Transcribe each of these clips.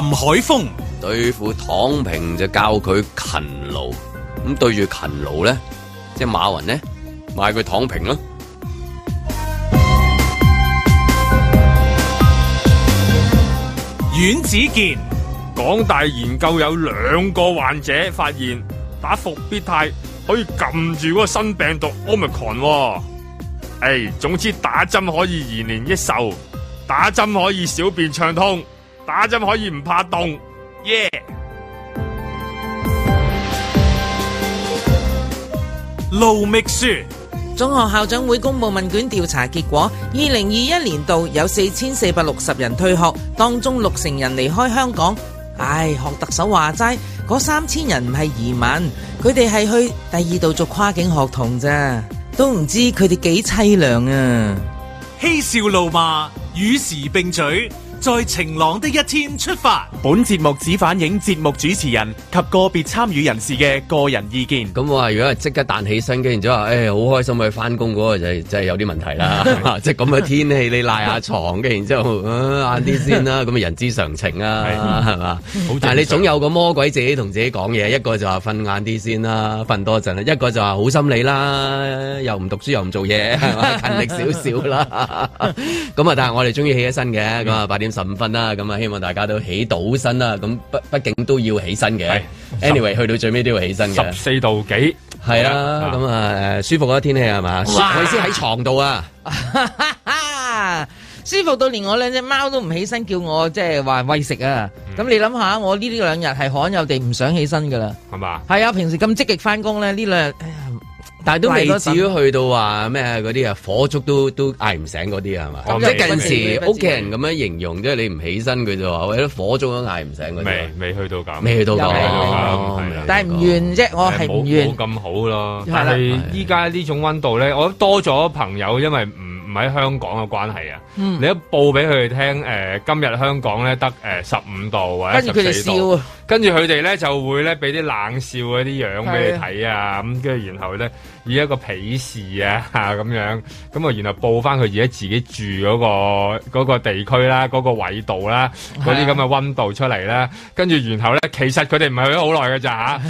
林海峰對付躺平就教佢勤勞，咁對住勤勞咧，即係馬雲咧，買佢躺平啦。阮子健，港大研究有兩個患者發現打復必泰可以撳住嗰個新病毒 Omicron，誒、哎，總之打針可以延年益壽，打針可以小便暢通。打針可以唔怕凍，耶！盧覓書，中學校長會公布問卷調查結果，二零二一年度有四千四百六十人退學，當中六成人離開香港。唉，學特首話齋，嗰三千人唔係移民，佢哋係去第二度做跨境學童啫，都唔知佢哋幾凄涼啊！嬉笑怒罵，與時並舉。在晴朗的一天出發。本節目只反映節目主持人及個別參與人士嘅個人意見。咁我話如果係即刻彈起身，跟住就話，誒，好開心去返工嗰個就真係有啲問題啦。即係咁嘅天氣，你賴下床，跟住然之後，誒，晏啲先啦。咁啊，人之常情啊，係嘛？但係你總有個魔鬼自己同自己講嘢，一個就話瞓晏啲先啦，瞓多陣啦；一個就話好心理啦，又唔讀書又唔做嘢，係嘛，勤力少少啦。咁啊，但係我哋中意起起身嘅，咁啊八點十五分啦，咁啊，希望大家都起到身啦。咁畢畢竟都要起身嘅，anyway 去到最尾都要起身嘅。十四度幾，係啊，咁啊，舒服啊天氣係嘛，我先喺床度啊，舒服到連我兩隻貓都唔起身叫我，即係話喂食啊。咁你諗下，我呢兩日係罕有地唔想起身噶啦，係嘛，係啊，平時咁積極返工咧，呢兩日。但都未至於去到話咩嗰啲啊，火燭都都嗌唔醒嗰啲係嘛？即係近時屋企人咁樣形容，即係你唔起身佢就話，我火燭都嗌唔醒嗰啲、啊。未未去到咁，未去到咁、哦哦，但唔願啫，我係冇冇咁好咯。係啦，依家呢種温度咧，我多咗朋友，因為唔唔喺香港嘅關係啊。嗯、你一報俾佢哋聽，誒、呃、今日香港咧得誒十五度或者十四度，跟住佢哋咧就會咧俾啲冷笑嗰啲樣俾你睇啊，咁跟住然後咧以一個鄙視啊咁樣，咁啊然後報翻佢而家自己住嗰、那個嗰、那個、地區啦，嗰、那個緯度啦，嗰啲咁嘅溫度出嚟啦，跟住然後咧其實佢哋唔係去咗好耐㗎咋，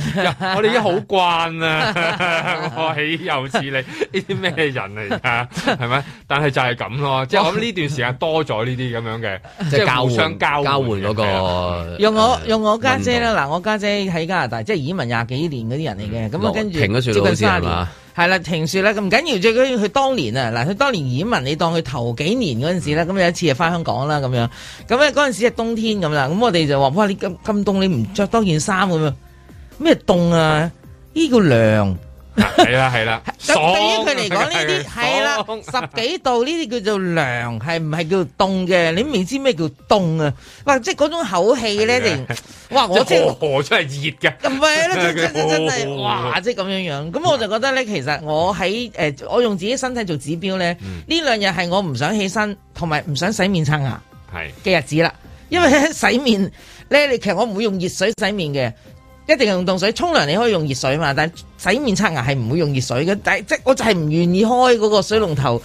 我哋已經好慣啊， 我豈又似你呢啲咩人嚟㗎、啊？係 咪？但係就係咁咯， 即係我呢。 段時間多咗呢啲咁樣嘅，即係交換互相交換嗰、嗰個、嗯。用我用我家姐啦，嗱、嗯，我家姐喺加拿大，即係移民廿幾年嗰啲人嚟嘅。咁、嗯、啊，跟住停咗接近三年，係啦，停雪啦，咁唔緊要。最緊要佢當年啊，嗱，佢當年移民，你當佢頭幾年嗰陣時咧，咁有一次啊，翻香港啦，咁樣，咁咧嗰陣時係冬天咁啦，咁我哋就話：哇，你咁咁凍，你唔着多件衫咁啊？咩凍啊？呢、呢個涼。係 啦，係啦。對於佢嚟講呢啲係啦，十幾度呢啲 叫做涼，係唔係叫凍嘅？你未知咩叫凍啊？哇，即係嗰種口氣咧，定哇，我知我真係熱嘅。唔係真係！真係哇，即係咁樣樣。咁我就覺得咧，其實我喺誒，我用自己身體做指標咧，呢兩日係我唔想起身，同埋唔想洗面刷牙嘅日子啦。因為喺洗面咧，你其實我唔會用熱水洗面嘅。一定係用凍水，沖涼你可以用熱水嘛，但係洗面刷牙係唔會用熱水嘅，但係即係我就係唔願意開嗰個水龍頭，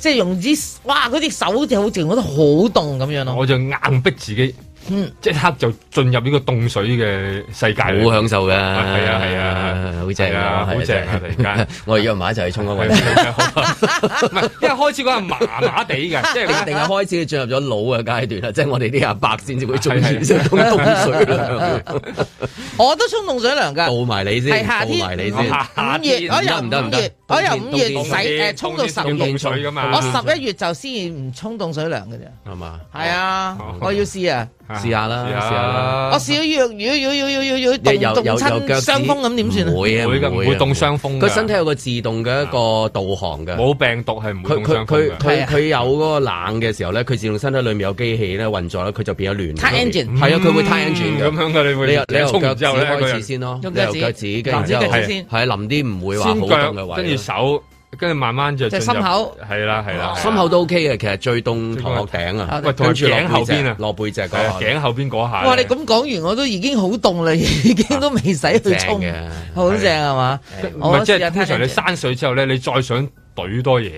即係用啲，哇嗰隻手就好似覺得好凍咁樣咯，我就硬逼自己。嗯，即刻就進入呢個凍水嘅世界，好享受噶。係啊係啊，好正啊，好正啊！我哋約埋一齊沖個溫泉，唔係，因為開始嗰陣麻 麻，麻地嘅，即係你一定係開始進入咗老嘅階段啦，即、啊、係、就是、我哋啲阿伯先至會中暑凍水、啊啊啊、 我都沖凍水涼噶，倒 埋你先，倒埋你先，唔得，唔得我由五月洗，誒沖、呃、到十六水噶嘛。我十一月就先唔沖凍水涼嘅啫。係嘛？係啊、哦，我要試啊。試下啦，試一下我要要試咗要要,要要要要要要凍凍親傷風咁點算啊？唔會啊，唔會凍傷風。佢身體有個自動嘅一個導航嘅。冇、啊、病毒係唔會凍傷風嘅。佢佢佢佢有嗰個冷嘅時候咧，佢自動身體裡面有機器咧運作咧，佢就變咗暖。Turn engine 係啊，佢會 turn engine 咁樣噶你會？你又你又腳趾開始先咯，又腳趾，淋啲先。係淋啲唔會話好凍嘅手，跟住慢慢就即係心、就係、口，係啦係啦，心、啊、口都 OK 嘅。其實最凍頭殼頂啊，喂，跟住頸後邊啊，落背脊嗰頸、啊啊、後邊嗰下。哇，你咁講完我都已經好凍啦， 已經都未使去沖嘅，好正係嘛？唔係即係通常你山水之後咧， 你再想懟多嘢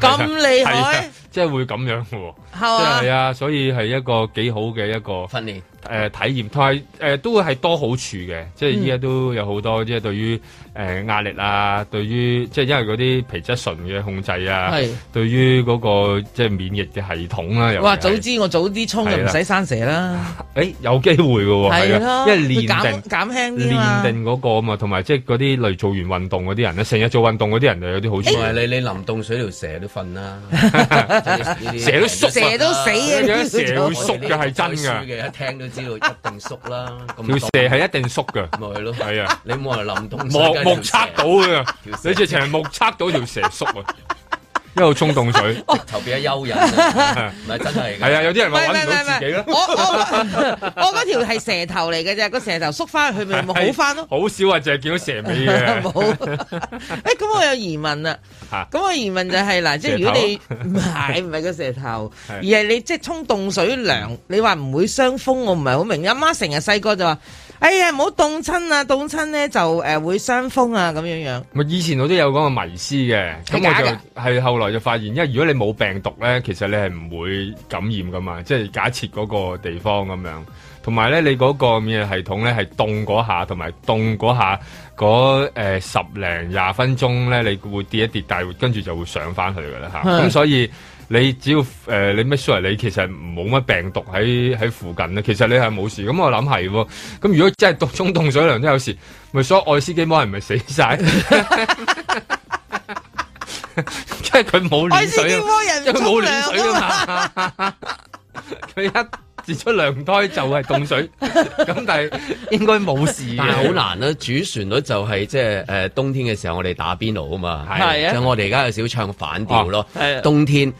噶，咁厲害。 即係會咁樣嘅、啊，即係係啊，所以係一個幾好嘅一個訓練誒體驗，同埋誒都會係多好處嘅。即係依家都有好多，即係對於誒、呃、壓力啊，對於即係因為嗰啲皮質醇嘅控制啊，對於嗰、嗰個即係免疫嘅系統啊。哇，早知我早啲沖就唔使生蛇啦、啊。誒，有機會嘅喎、啊，係、啊、因為減減輕練、啊、定嗰個嘛，同埋即係嗰啲嚟做完運動嗰啲人咧，成日做運動嗰啲人就有啲好處的。你你淋凍水條蛇都瞓啦。 都蛇都縮，蛇都死嘅。條蛇會縮嘅係真嘅。 一聽都知道一定縮啦。咁條蛇係一定縮嘅。咪係咯，係啊 目，你冇話諗到，目目測到嘅， 你直情目測到條蛇縮啊！ 一路沖凍水，頭、啊、變咗蚯蚓，唔係真係。係啊，有啲人話揾唔到自己，唔係唔係唔係唔係我我我嗰條係蛇頭嚟嘅啫，個蛇頭縮翻去沒回，咪好翻咯。好少話、啊，淨係見到蛇尾冇。咁、啊欸嗯、我有疑問啦。咁、嗯、我疑問就係、是、嗱，即、就是、如果你唔係唔係個蛇頭，是而係你即係沖凍水涼，你話唔會傷風，我唔係好明白。阿媽成日細個就話。哎呀，唔好凍親啊！凍親咧就誒、呃、會傷風啊，咁樣樣。以前我都有嗰個迷思嘅，咁我就係後來就發現，因為如果你冇病毒咧，其實你係唔會感染噶嘛，即係假設嗰個地方咁樣，同埋咧你嗰個免疫系統咧係凍嗰下，同埋凍嗰下嗰誒、呃、十零廿分鐘咧，你會跌一跌，但係跟住就會上翻去噶啦吓，咁、嗯、所以。你只要誒、呃、你 make sure 你其實冇乜病毒喺喺附近咧，其實你係冇事。咁我諗係喎。咁如果真係毒沖凍水涼都有事，咪所有愛斯基摩人咪死晒，即係佢冇暖水啊！佢 冇暖水㗎嘛，佢一自出娘胎就係凍水，咁 但係應該冇事，但係好難啦、啊。 主旋律就係即係誒冬天嘅時候我們，我哋打邊爐啊嘛，就我哋而家有少唱反調咯、啊啊。冬天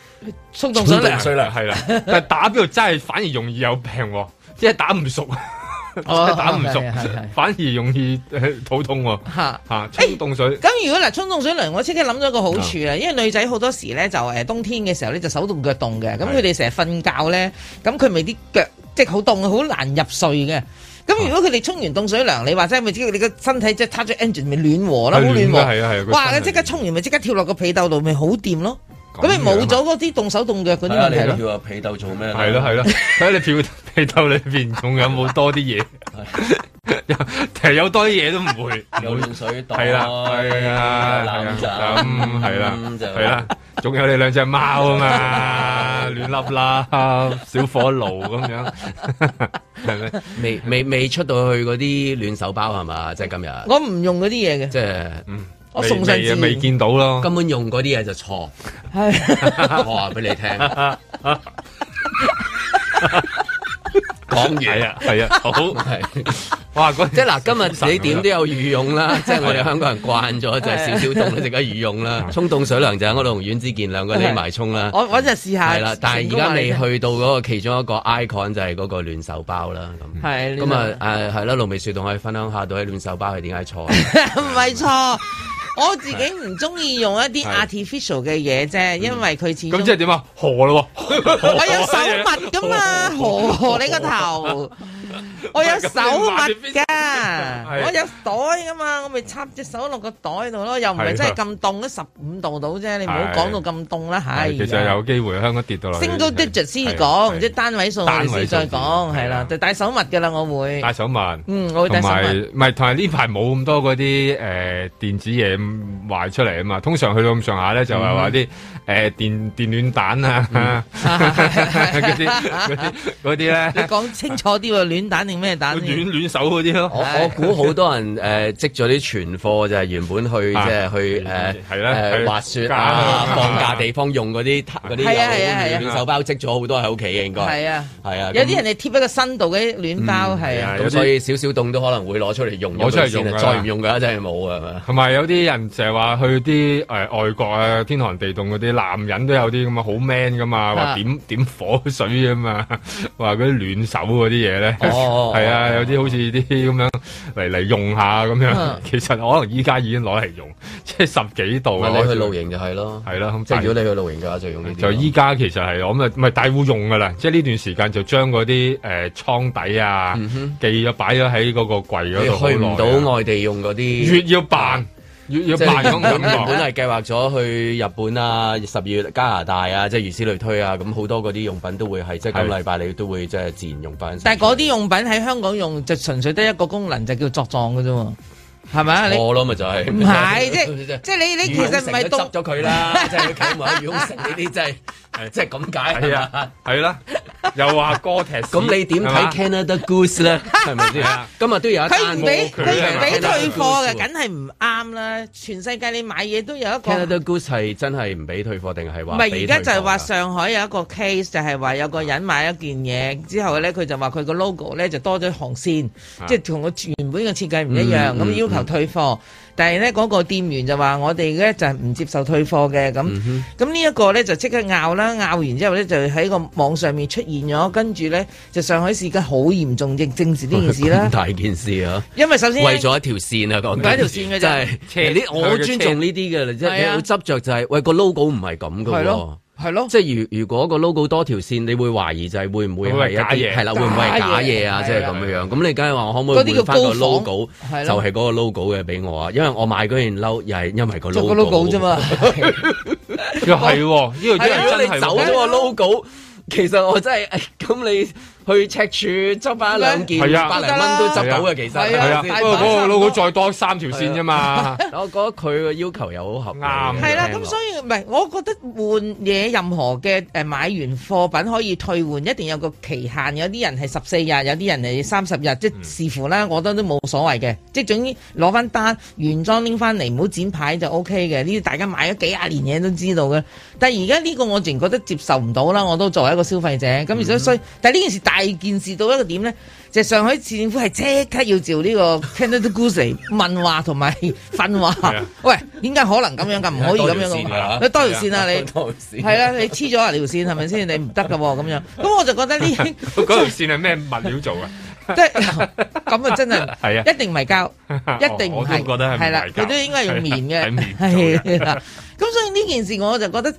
速凍水啦，係 啦，但係打邊爐真係反而容易有病、啊，即、就、係、是、打唔熟、啊。 哦，打唔熟是是是反而容易、欸、肚痛喎、啊。吓、啊、吓，沖凍水。咁、欸、如果嗱，沖凍水涼，我即刻諗咗個好處啊。因為女仔好多時咧就誒、呃，冬天嘅時候咧就手凍腳凍嘅。咁佢哋成日瞓覺咧，咁佢咪啲腳即係好凍，好難入睡嘅。咁如果佢哋沖完凍水涼，你話真係咪即係你個身體即係擦咗 energy 咪暖和啦，好暖，暖和係啊係哇，你即刻沖完咪即刻跳落個被竇度咪好掂咯。咁你冇咗嗰啲動手動腳嗰啲係咯，叫阿皮豆做咩？係咯，係咯，睇 你票皮豆裏邊仲有冇多啲嘢？ 其實有多啲嘢都唔會， 會有暖水袋係啦，係啦，冷仔係啦，係啦，仲、嗯嗯、有你兩隻貓啊嘛，暖笠啦，小火爐咁樣， 是是未未未出到去嗰啲暖手包係嘛？即 係今日，我唔用嗰啲嘢嘅，即、就、係、是、嗯。我嘢未見到咯，根本用嗰啲嘢就錯 我是是，講話俾你聽。講完係啊係啊，好係。哇！即嗱，今日你點都有羽絨啦， 即係我哋香港人慣咗就係少少凍，而家羽絨啦，沖 凍 水涼就喺我同袁子健兩個匿埋沖啦。 我我就試下係啦，但係而家未去到嗰個其中一個 icon 就係嗰個暖手包啦。咁係咁啊，誒係啦，盧覓雪同我哋分享一下到底暖手包係點解錯唔係 錯？我自己唔中意用一啲 artificial 嘅嘢啫，的因為佢似咁即係點 河啊，啊？河咯？ 我有手襪噶嘛？河，你個頭？我有手襪嘅。啊！我有袋噶嘛，我咪插隻手落個袋度咯。又唔係真係咁凍，都十五度到啫。你唔好講到咁凍啦。係。其實有機會香港跌到啦。Single digits 先講，即係單位數，我哋先再講，係啦，就戴手襪嘅啦。我會戴手襪。嗯，我會戴手襪。唔係同埋呢排冇咁多嗰啲誒電子嘢壞出嚟啊嘛。通常去到咁上下咧，就係話啲誒電電暖蛋啊嗰啲嗰啲嗰啲咧。你講清楚啲喎，暖蛋定咩蛋？暖暖手嗰啲咯。 我估好多人誒積咗啲存貨就係、係、原本去、啊、即係去誒誒、呃啊啊、滑雪啊，啊、啊放假地方用嗰啲嗰啲保暖手包積咗好多喺屋企嘅應該啊係啊、啊，有啲人哋貼喺個身度嗰啲暖包係，咁、嗯啊、所以少少凍都可能會攞出嚟用。攞出嚟用再唔用架、啊、真係冇啊嘛。同埋有啲人成日話去啲、呃、外國啊天寒地凍嗰啲男人都有啲咁啊好 man 噶嘛，話點、啊、點火水啊嘛，話嗰啲暖手嗰啲嘢咧，係、 哦、啊有啲好似啲咁嚟 嚟用下咁樣、啊，其實可能依家已經攞嚟用，即係十幾度。啊、你去露營就係咯，係啦。咁即係如果你去露營嘅話，就用呢啲。就依家其實係，我咪咪大戶用噶啦，即係呢段時間就將嗰啲誒倉底啊，寄咗擺咗喺嗰個櫃嗰度去唔到外地用嗰啲，越要辦。要要辦用，原 本係計劃咗去日本啊、十二月加拿大啊，即、就是、如此類推啊。咁好多嗰啲用品都會係即係今個禮拜你都會即係自然用翻。但係嗰啲用品喺香港用就純粹得一個功能，就叫作狀嘅啫喎，係咪、就是就是、 啊？我咯咪就係。唔係，即即係你你其實唔係執咗佢啦，即係要埋羽絨城呢啲，即係即係咁解係啊，係啦、啊。 又話 Goat 咁你點睇 Canada Goose 咧？係咪先？ 今日都有一單，佢唔俾佢唔俾退貨嘅，梗係唔啱啦！全世界你買嘢都有一個 Canada Goose 係真係唔俾退貨定係話？唔係而家就係話上海有一個 case 就係話有個人買一件嘢之後咧，佢就話佢個 logo 咧就多咗行線，即係同個原本嘅設計唔一樣，咁、嗯、要求退貨。嗯嗯但係咧嗰個店員就話我哋咧就係、是、唔接受退貨嘅咁，咁、嗯、呢一個咧就即刻拗啦，拗完之後咧就喺個網上面出現咗，跟住咧就上海事件好嚴重，亦正視呢件事啦。大件事啊！因為首先為咗一條線啊，講緊一條線嘅就係、是、呢我好尊重呢啲嘅，即係好執着就係、是、喂個 logo 唔係咁嘅。係咯，即係如如果個 logo 多條線，你會懷疑就係會唔會係假嘢？係啦，會唔會係假嘢啊？即係咁樣樣，咁你梗係話我可唔可以換翻個 logo？就係、是、嗰個 logo 嘅俾我啊，因為我買嗰件褸又係因為個 logo。個 logo 啫嘛， 又係是、哦，呢、 這個真如果你走咗個 logo。其實我真係，咁、哎、你。去赤柱執翻兩件百零蚊都執到嘅。啊，其實係啊，啊啊我不過嗰老再多三條線啫嘛。啊、 我覺得佢嘅要求又好合啱係啦，咁所以唔係，我覺得換嘢任何嘅誒、呃、買完貨品可以退換，一定有個期限。有啲人係十四日，有啲人係三十日，即係視乎啦。嗯、我覺得都冇所謂嘅，即係總之攞翻單原裝拎翻嚟，唔好剪牌就 O K 嘅。呢啲大家買咗幾廿年嘢都知道嘅。但係而家呢個我然覺得接受唔到啦，我都作為一個消費者咁，所以，嗯、但係呢件事大。大件事到一個點咧，就是，上海市政府係即刻要召呢個 Kennedy Gucci 問話同埋訓話，啊。喂，點解可能咁樣噶？唔可以咁樣噶？你多條線啊！你係啦，你黐咗啊條線係咪先？你唔得噶咁樣。咁我就覺得呢、這個，嗰 條線係咩物料做啊？即係咁啊！就真係係啊，一定唔係膠，一定唔係。我覺得係啦，佢、啊、都應該係用棉嘅。係啦、啊，咁、 啊、所以呢件事我就覺得。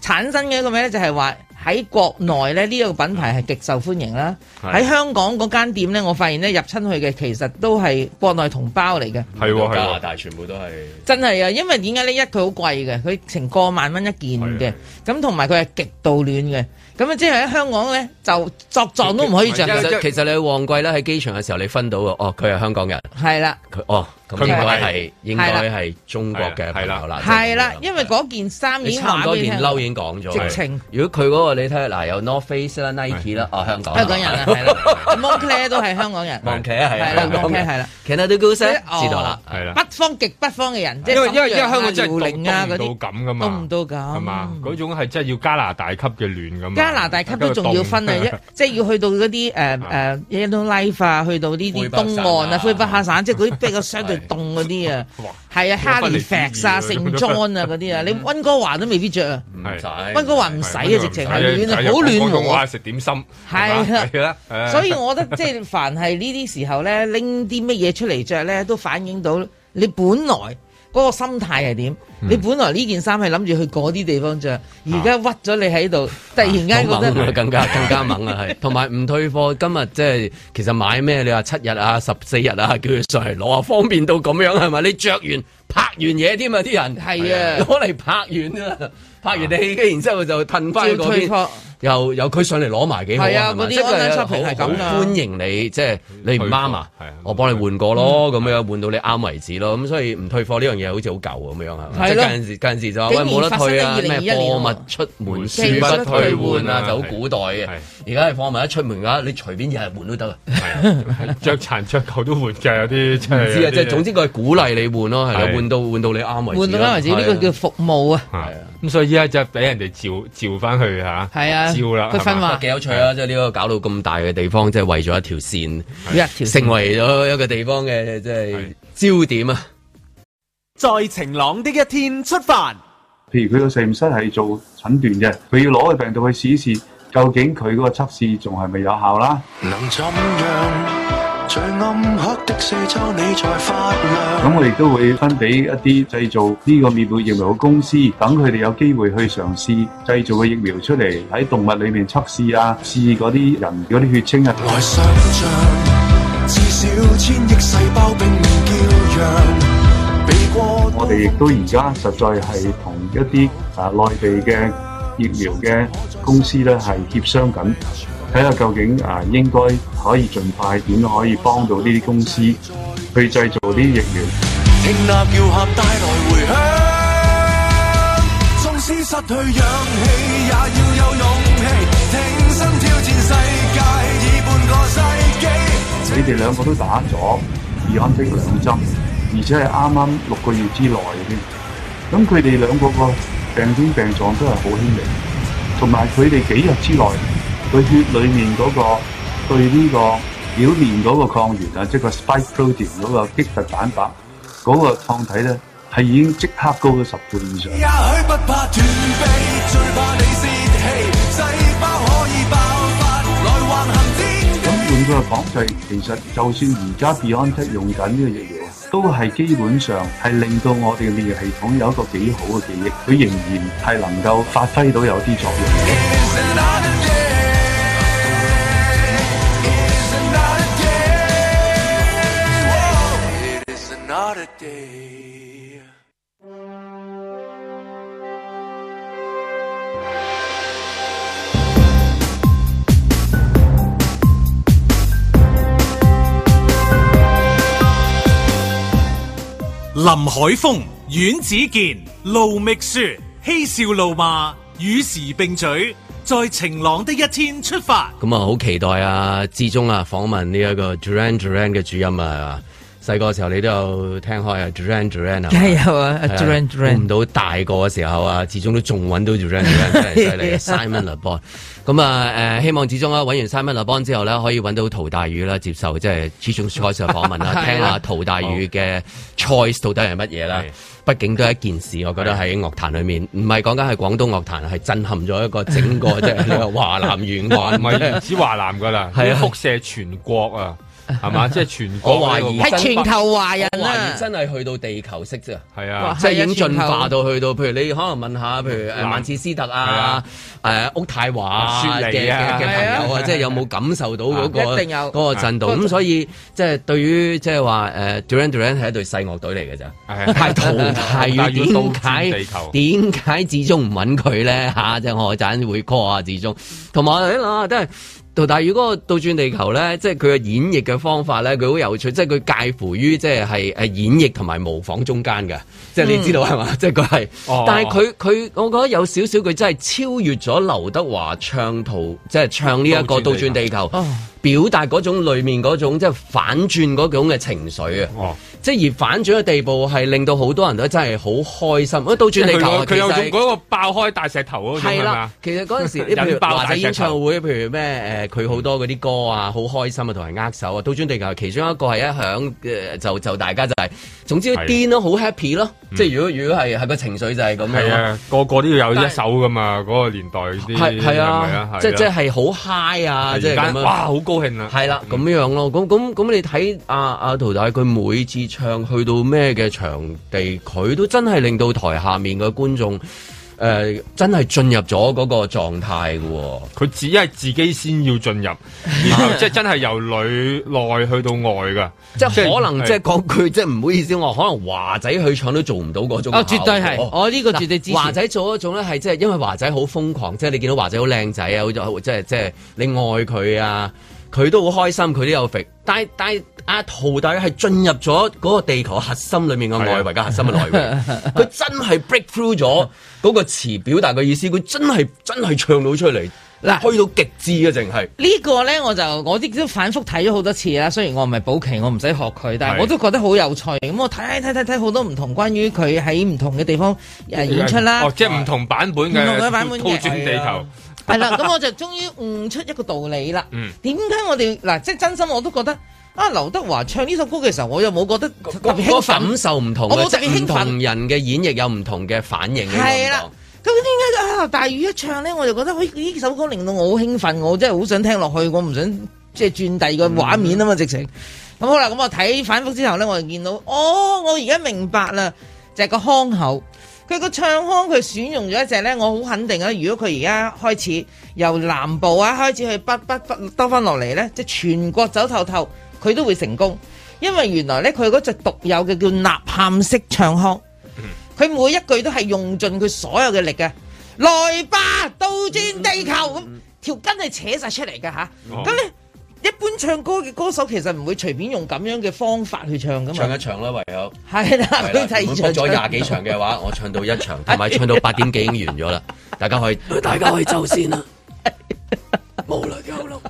產生嘅一個咩咧，就係話喺國內咧呢個品牌係極受歡迎啦。喺、嗯、香港嗰間店咧，我發現咧入親去嘅其實都係國內同胞嚟嘅。係加拿大全部都係。真係啊，因為點解呢？一佢好貴嘅，佢成過萬蚊一件嘅。咁同埋佢係極度暖嘅。咁啊，即係喺香港咧，就作狀都唔可以着。其實其實你去旺季咧，喺機場嘅時候你分到嘅，哦，佢係香港人。係啦，佢哦。應應該係中國嘅朋友啦，係啦，因為嗰件衫已經好多件褸已經講咗。直稱，如果佢嗰、嗰個你睇下嗱，有 North Face 啦、Nike 啦，哦，香港人香港人啊 Moncler 都係香港人 Moncler 係啦 Moncler 係啦，Canada Goose 知道啦，係 啦、okay, okay, okay, okay, okay. 呃，北方極北方嘅人，即係因為因為因為香港真係凍到咁，都唔到咁係嘛？嗰種係真係要加拿大級嘅暖咁。加拿大級都仲要分啊，即係要去到嗰啲誒誒 Yellowknife 啊去到呢啲東岸啊，魁北克省，即係嗰啲比較相對。凍嗰啲啊，係啊，Halifax 啊，盛裝啊嗰啲啊，啊啊 你温哥華都未必着啊，唔使温哥華唔使啊，直情係暖啊，好暖和。我係食點心，係啦，所以我覺得即係凡係呢啲時候咧，拎啲乜嘢出嚟着咧，都反映到你本來。嗰、那個心態係點、嗯？你本來呢件衫係諗住去嗰啲地方着，而家屈咗你喺度，突然間覺得、啊、更加更加猛啊！係， 同埋唔退貨。今日即係其實買咩？你話七日啊、十四日啊，叫佢上嚟攞啊，方便到咁樣係咪？你着完拍完嘢添啊！啲人係啊，攞嚟拍完啊，拍完你嘅、啊，然之後就褪翻去嗰邊。又有有佢上嚟攞埋幾？係啊！嗰啲 online shopping 係咁噶。歡迎你，即、就、係、是、你唔啱啊，啊！我幫你換過咯，咁、嗯、樣換到你啱為止咯。咁所以唔退貨呢樣嘢好似好舊咁樣係。即係有陣時，有陣時就話喂冇得退啊！咩貨物出門恕不退換啊！就好古代嘅。而家係貨物一出門啊，你、啊啊、隨便日日換都得噶。著、啊、 殘著舊都換嘅有啲。即係、啊就是、總之佢係鼓勵你換咯，係、啊、換到換到你啱為止。換到啱為止呢、啊這個叫服務啊。咁所以依家就俾人哋召召翻去嚇。係啊！啦、嗯！佢分化幾有趣啊，即係呢個搞到咁大嘅地方，即係為咗一條線，成為咗一個地方嘅即係焦點啊！在晴朗一的一天出發。譬如佢個實驗室係做診斷嘅，佢要攞個病毒去試一試，究竟佢嗰個測試仲係咪有效啦？能咁我亦都會分俾一啲製造呢個滅活疫苗嘅公司，等佢哋有機會去嘗試製造個疫苗出嚟，喺動物裏面測試啊，試嗰啲人嗰啲血清入來。想象至少千億細胞並未叫嚷，我哋亦都而家實在係同一啲啊內地嘅疫苗嘅公司呢係協商緊。睇下究竟誒應該可以盡快點可以幫到呢啲公司去製造啲疫苗。你哋兩個都打咗二安滴兩針，而且係啱啱六個月之內嘅。咁佢哋兩個個病徵病狀都係好輕微，同埋佢哋幾日之內。佢血裏面嗰個對呢個表面嗰個抗原啊，即係個 spike protein 嗰個棘突蛋白嗰個抗體咧，係已經即刻高咗十倍以上。咁換句話講，其實就算而家 BioNTech 用緊呢個疫苗啊，都係基本上係令到我哋嘅免疫系統有一個幾好嘅記憶，佢仍然係能夠發揮到有啲作用。林海峰、阮子健、盧覓雪、嬉笑怒罵，與時並舉，在晴朗的一天出發。咁啊，好期待啊！之中啊，訪問呢一個 Duran Duran 嘅主音啊！細個時候你都有聽開啊 Duran Duran 啊，梗係有啊 Duran Duran 估唔到大個嘅時候終 Durin, 厲害 啊，始終都仲揾到 Duran Duran 真係犀利 Simon Le Bon 咁啊，誒，希望始終啊，揾完 Simon Le Bon 之後呢可以揾到陶大宇啦，接受即係 chosen choice 嘅訪問啦， 聽下陶大宇嘅 choice 到底係乜嘢啦。畢 竟都係一件事，我覺得喺樂壇裏面，唔係講緊係廣東樂壇，係震撼咗一個整個即係呢個華南沿岸，唔係唔止華南噶啦，係輻射全國啊。啊係嘛？ 即係全國華、那、人、個，係全球華人啊！真係去到地球式啫，係啊！即係已經進化到去到，譬如你可能問一下，譬如、啊啊、曼徹斯，斯特啊、誒、啊啊啊、渥太華嘅嘅朋友是啊，即、就、係、是、有冇感受到嗰、那個、啊、定有、那個震動咁、啊？所以即係、那個就是、對於即係話誒 Duran Duran 係一對細樂隊嚟嘅咋，係淘汰。點解？點解點解始終唔搵佢咧？吓就我真會 call 啊！我我始終同埋啊，都係。哎但係如果個倒轉地球咧，即係佢嘅演繹嘅方法咧，佢好有趣，即係佢介乎於即係係係演繹同埋模仿中間嘅，即、嗯、係你知道係嘛、嗯？即係佢係，但係佢佢，我覺得有少少佢真係超越咗劉德華唱套，即係唱呢、這、一個倒轉地球，地球哦、表達嗰種裡面嗰種即係反轉嗰種嘅情緒嘅。哦即而反轉嘅地步係令到好多人都真係好開心，乜倒轉地球佢又用嗰個爆開大石頭嗰種係，其實嗰陣時，例如爆大演唱會，譬如咩誒，佢好多嗰啲歌啊，好開心啊，同人握手啊，倒轉地球其中一個係一響，就就大家就係、是。總之癲咯，好 happy 咯、啊，即係如果如果係係咪情緒就係咁樣係啊，係啊，個個都要有一首噶嘛，嗰、嗰個年代啲係係啊，即係即係好 high 啊，即係咁啊，哇，好高興啊！係啦、啊，咁、嗯、樣咯，咁咁咁，你睇阿阿陶仔佢每次唱去到咩嘅場地，佢都真係令到台下面嘅觀眾。誒、呃，真係進入咗嗰個狀態嘅，佢只係自己先要進入，然後即係真係由女內去到外噶， 即係可能即係講句即係唔好意思，我可能華仔去唱都做唔到嗰種。哦，絕對係，我、哦、呢、這個絕對之華仔做嗰種咧，係即係因為華仔好瘋狂，即係你見到華仔好靚仔啊，好似即係即係你愛佢啊，佢都好開心，佢都有搣，但但阿陶大家係進入咗嗰個地球核心裏面嘅外圍嘅核心嘅外圍，佢 真係 break through 咗嗰個詞表達嘅意思，佢真係真係唱出、啊、到出嚟，嗱開到極致嘅淨係呢個咧，我就我啲都反復睇咗好多次啦。雖然我唔係保錡，我唔使學佢，但係我都覺得好有趣。咁我睇睇睇睇好多唔同關於佢喺唔同嘅地方演出啦、哦哦，即係唔同版本嘅，唔同嘅版本，套轉地球係啦。咁 我就終於悟出一個道理啦。嗯，點解我哋嗱、啊，即係真心我都覺得。啊，劉德華唱呢首歌嘅時候，我又冇覺得特別興奮，受唔同我唔同人嘅演繹有唔同嘅反應。係啦，咁點解大雨一唱咧，我就覺得，呢首歌令到我好興奮，我真係好想聽落去，我唔想即係轉第二個畫面啊、嗯嗯、嘛，直情。咁、嗯、好啦，咁我睇反覆之後咧，我就見到，哦，我而家明白啦，就係、個腔口，佢個唱腔佢選用咗一隻咧，我好肯定啊！如果佢而家開始由南部啊開始去北北北兜翻落嚟咧，即係全國走透透。佢都會成功，因為原來咧佢嗰隻獨有嘅叫呐喊式唱腔，佢、嗯、每一句都係用盡佢所有嘅力嘅。嗯、來吧，倒轉地球咁，條筋係扯晒出嚟嘅嚇。咁、嗯、咧、啊嗯，一般唱歌嘅歌手其實唔會隨便用咁樣嘅方法去唱嘅嘛。唱一場啦，唯有。係啦，佢睇我唱咗廿幾場嘅話， 我唱到一場，同 埋唱到八點幾已經完咗啦。 大家可以 大家可以走先啦，冇 啦，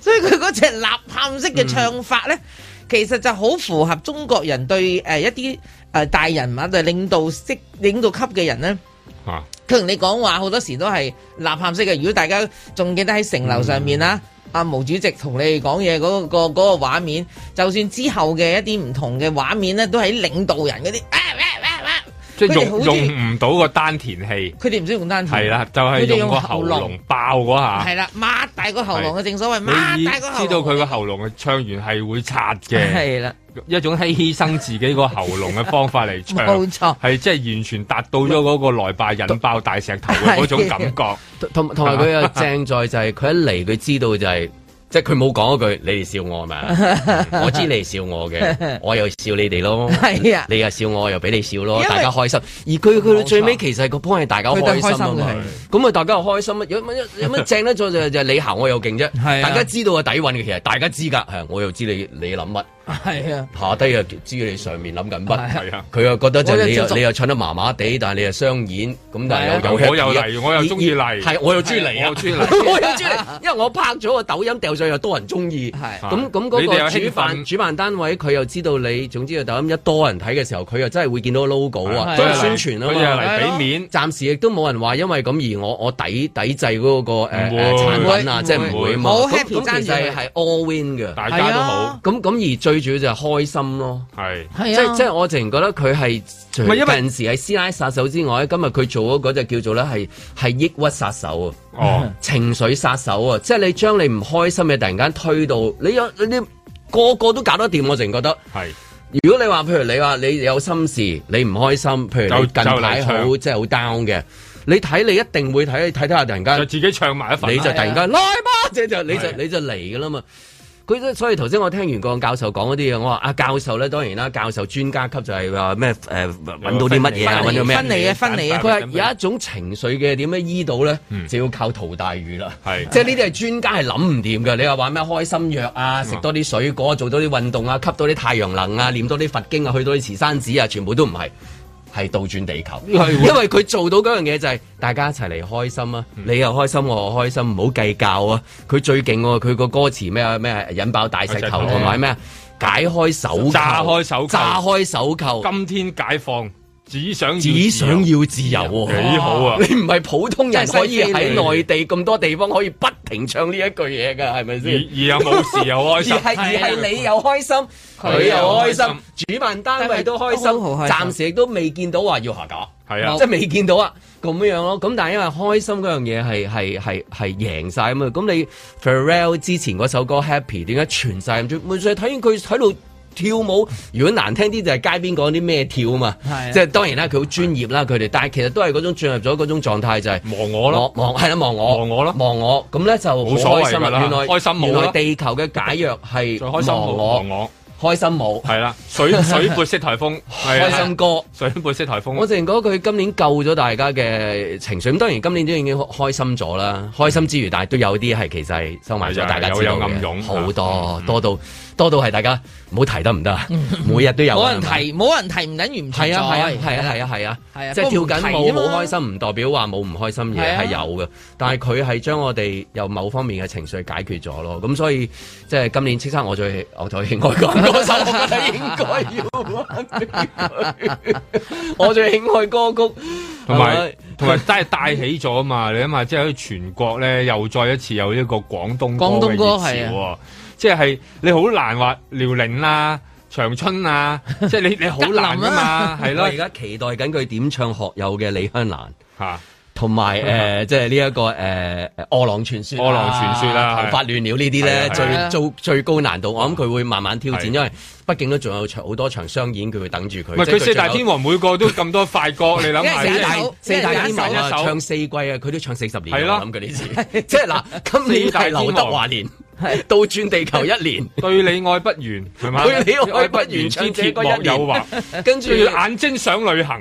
所以佢隻吶喊式嘅唱法咧、嗯，其實就好符合中國人對誒、呃、一啲誒、呃、大人物、對、呃、領導式領導級嘅人咧。吓、啊，佢同你講話好多時都係吶喊式嘅。如果大家仲記得喺城樓上面啦，阿、嗯啊、毛主席同你哋講嘢嗰個嗰、嗰個、嗰個、畫面，就算之後嘅一啲唔同嘅畫面咧，都係領導人嗰啲。啊啊即係用用唔到個丹田氣，佢哋唔識用丹田氣，係啦，就係、是、用，喉嚨用喉嚨個喉嚨爆嗰下，係啦，擘大個喉嚨啊！正所謂擘大個喉嚨，知道佢個喉嚨嘅唱完係會拆嘅，係啦，一種犧牲自己個喉嚨嘅方法嚟唱，冇錯，係即係完全達到咗嗰個內爆引爆大石頭嘅嗰種感覺。同同埋佢嘅正在就係、是、佢 一嚟佢知道就係、是。即係佢冇講嗰句，你哋笑我嘛？ 我知你哋笑我嘅，我又笑你哋咯。啊、你又笑我，我又俾你笑咯，因為因為大家開心。而佢最尾其實個 point 係大、啊啊、大家開心。嘅咁啊，大家又開心。有乜有正得咗就你行，我又勁啫。大家知道個底蘊嘅，其實大家知噶。我又知你你諗乜。係、啊、下低又知你上面諗緊乜。佢又、啊、覺得就你，你又蠢得麻麻地，但係你又商演咁、啊，但係又又我又嚟，我又中意嚟，我又中意嚟，啊、 因為我拍咗個抖音掉。所以又多人中意，係咁咁，嗰個主辦主辦單位，佢又知道你。總之就咁一多人睇嘅時候，佢又真係會見到 logo 啊，都宣傳啊嘛。佢又嚟俾面、啊，暫時亦都冇人話因為咁而我我抵抵制嗰、那個誒、呃、產品啊，即係唔會冇。咁其實係 all win 嘅，大家都好。咁咁、啊、而最主要就係開心咯，係、啊、即、啊、即係我淨係覺得佢係。因為嗰陣時係師奶殺手之外咧，今日佢做嗰隻叫做咧係係抑鬱殺手啊、哦，情緒殺手啊，即係你將你唔開心嘅突然間推到你有你啲個個都搞得掂，我淨覺得係。如果你話譬如你話你有心事，你唔開心，譬如你近就近排好即係好 down 嘅，你睇你一定會睇睇睇下突然間就自己唱埋一份，你就突然間、啊、來吧，就就你就、啊、你就嚟㗎啦嘛。所以頭先我聽完個教授講嗰啲嘢，我話阿教授咧當然啦，教授專家級就係話咩誒搵到啲乜嘢啊，搵到咩？分離啊，分離啊！佢話有一種情緒嘅點樣醫到咧、嗯，就要靠陶大宇啦。係，即係呢啲係專家係諗唔掂㗎。你話話咩開心藥啊，食多啲水果做多啲運動啊，吸多啲太陽能啊，念多啲佛經啊，去多啲慈山寺啊，全部都唔係。係倒轉地球， 因為佢做到嗰樣嘢就係、是、大家一齊嚟開心啊！你又開心，我又開心，唔好計較啊！佢最勁喎、啊，佢個歌詞咩啊咩引爆大石頭同埋咩啊，解開手炸開手炸開手扣，今天解放。只想只想要自由喎，幾好啊！啊你唔係普通人可以喺內地咁多地方可以不停唱呢一句嘢噶，係咪先？而有冇事又開心， 而係而係你又開心，佢又開心，主辦單位都開心，開心暫時亦都未見到話要下架，係啊，即係未見到啊咁樣咯。咁但係因為開心嗰樣嘢係係係係贏曬啊嘛。咁你 Farell 之前嗰首歌 Happy 點解全曬咁？最最睇完佢喺度。跳舞，如果難聽啲就係、是、街邊講啲咩跳啊嘛，啊即係當然啦，佢好專業啦，佢哋、啊，但係其實都係嗰種進入咗嗰種狀態，就係、是、忘我咯，忘係啦、啊，忘我，忘我咯，忘我，咁咧就好開心啦，冇所謂啦，原來地球嘅解藥係忘，忘我，開心冇，係啦、啊，水水潑式台風，開心歌，啊、水潑式台風，我淨係覺得佢今年救咗大家嘅情緒，咁當然今年都已經開心咗啦，開心之餘，但係都有啲係其實係收埋咗大家知有暗湧嘅，好多、啊、多到。多到係大家唔好提得唔得啊！每日都有冇 人提，冇人提唔等於唔係啊！係啊！係啊！係啊！係啊！即係、啊啊啊啊就是、跳緊舞好開心，唔代表話冇唔開心嘢係、啊、有嘅。但係佢係將我哋由某方面嘅情緒解決咗咯。咁所以即係、就是、今年叱咤我最我最喜愛, 愛歌曲，我覺得應該要我最喜愛歌曲，同埋同埋真係帶起咗啊嘛！ 你諗下，即係喺全國咧又再一次有一個廣東廣東歌係 即係你好難話遼寧啦長春啊，即係你你好難噶嘛，係咯。我而家期待緊佢點唱學友嘅李香蘭，吓，同埋誒，即係、這個呃啊啊、呢一個誒《餓狼傳說》、《餓狼傳說》啦，《頭髮亂了》呢啲咧最做最高難度，我諗佢會慢慢挑戰，對對對，因為。畢竟都仲有好多場商演，佢會等住佢。佢四大天王每個都咁多快歌， 你諗下？四大天王啊，一首唱四季啊，佢都唱四十年，係咯，諗佢啲即係嗱，今年係劉德華年，倒 轉地球一年，對你愛不完，對你愛不完，唱節目跟住 眼睛想旅行，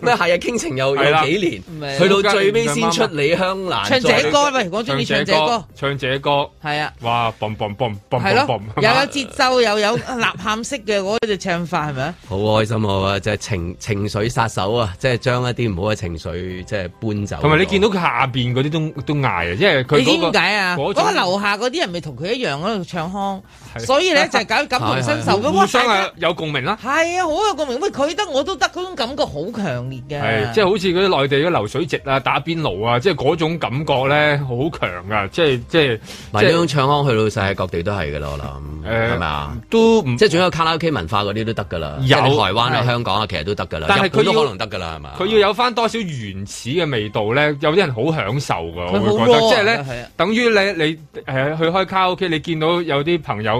咩 夏 日傾情又有幾年，去 到最尾先出李香蘭， 唱這歌，喂，我中意唱這歌，唱這歌，係啊，哇 boom boom boom 又有節奏有。 有呐喊式嘅，我喺度唱法係咪啊？ 好開心啊，即、就、係、是、情情緒殺手啊，即係將一啲唔好嘅情緒即係搬走。同埋你見到佢下邊嗰啲都都嗌、那個、啊，因為佢嗰個。你知點解啊？嗰個樓下嗰啲人咪同佢一樣喺度唱腔。 所以咧就係、是、搞感同身受咁、 啊，大家有共鳴啦。係啊，好有共鳴，喂，佢得我都得嗰種感覺好強烈嘅。即係好似嗰啲內地嘅流水席啊、打邊爐啊，即係嗰種感覺咧好強啊。即係即係，呢啲唱腔去到世界各地都係嘅咯，我諗。誒係咪啊？都唔即係仲有卡拉 OK 文化嗰啲都得㗎啦。有台灣啊、香港啊，其實都得㗎啦。但係佢都可能得㗎啦，係嘛？佢要有翻多少原始嘅味道咧？有啲人好享受㗎、啊，我會覺得、啊、即係咧、啊，等於你你、呃、去開卡拉 OK，你見到有啲朋友。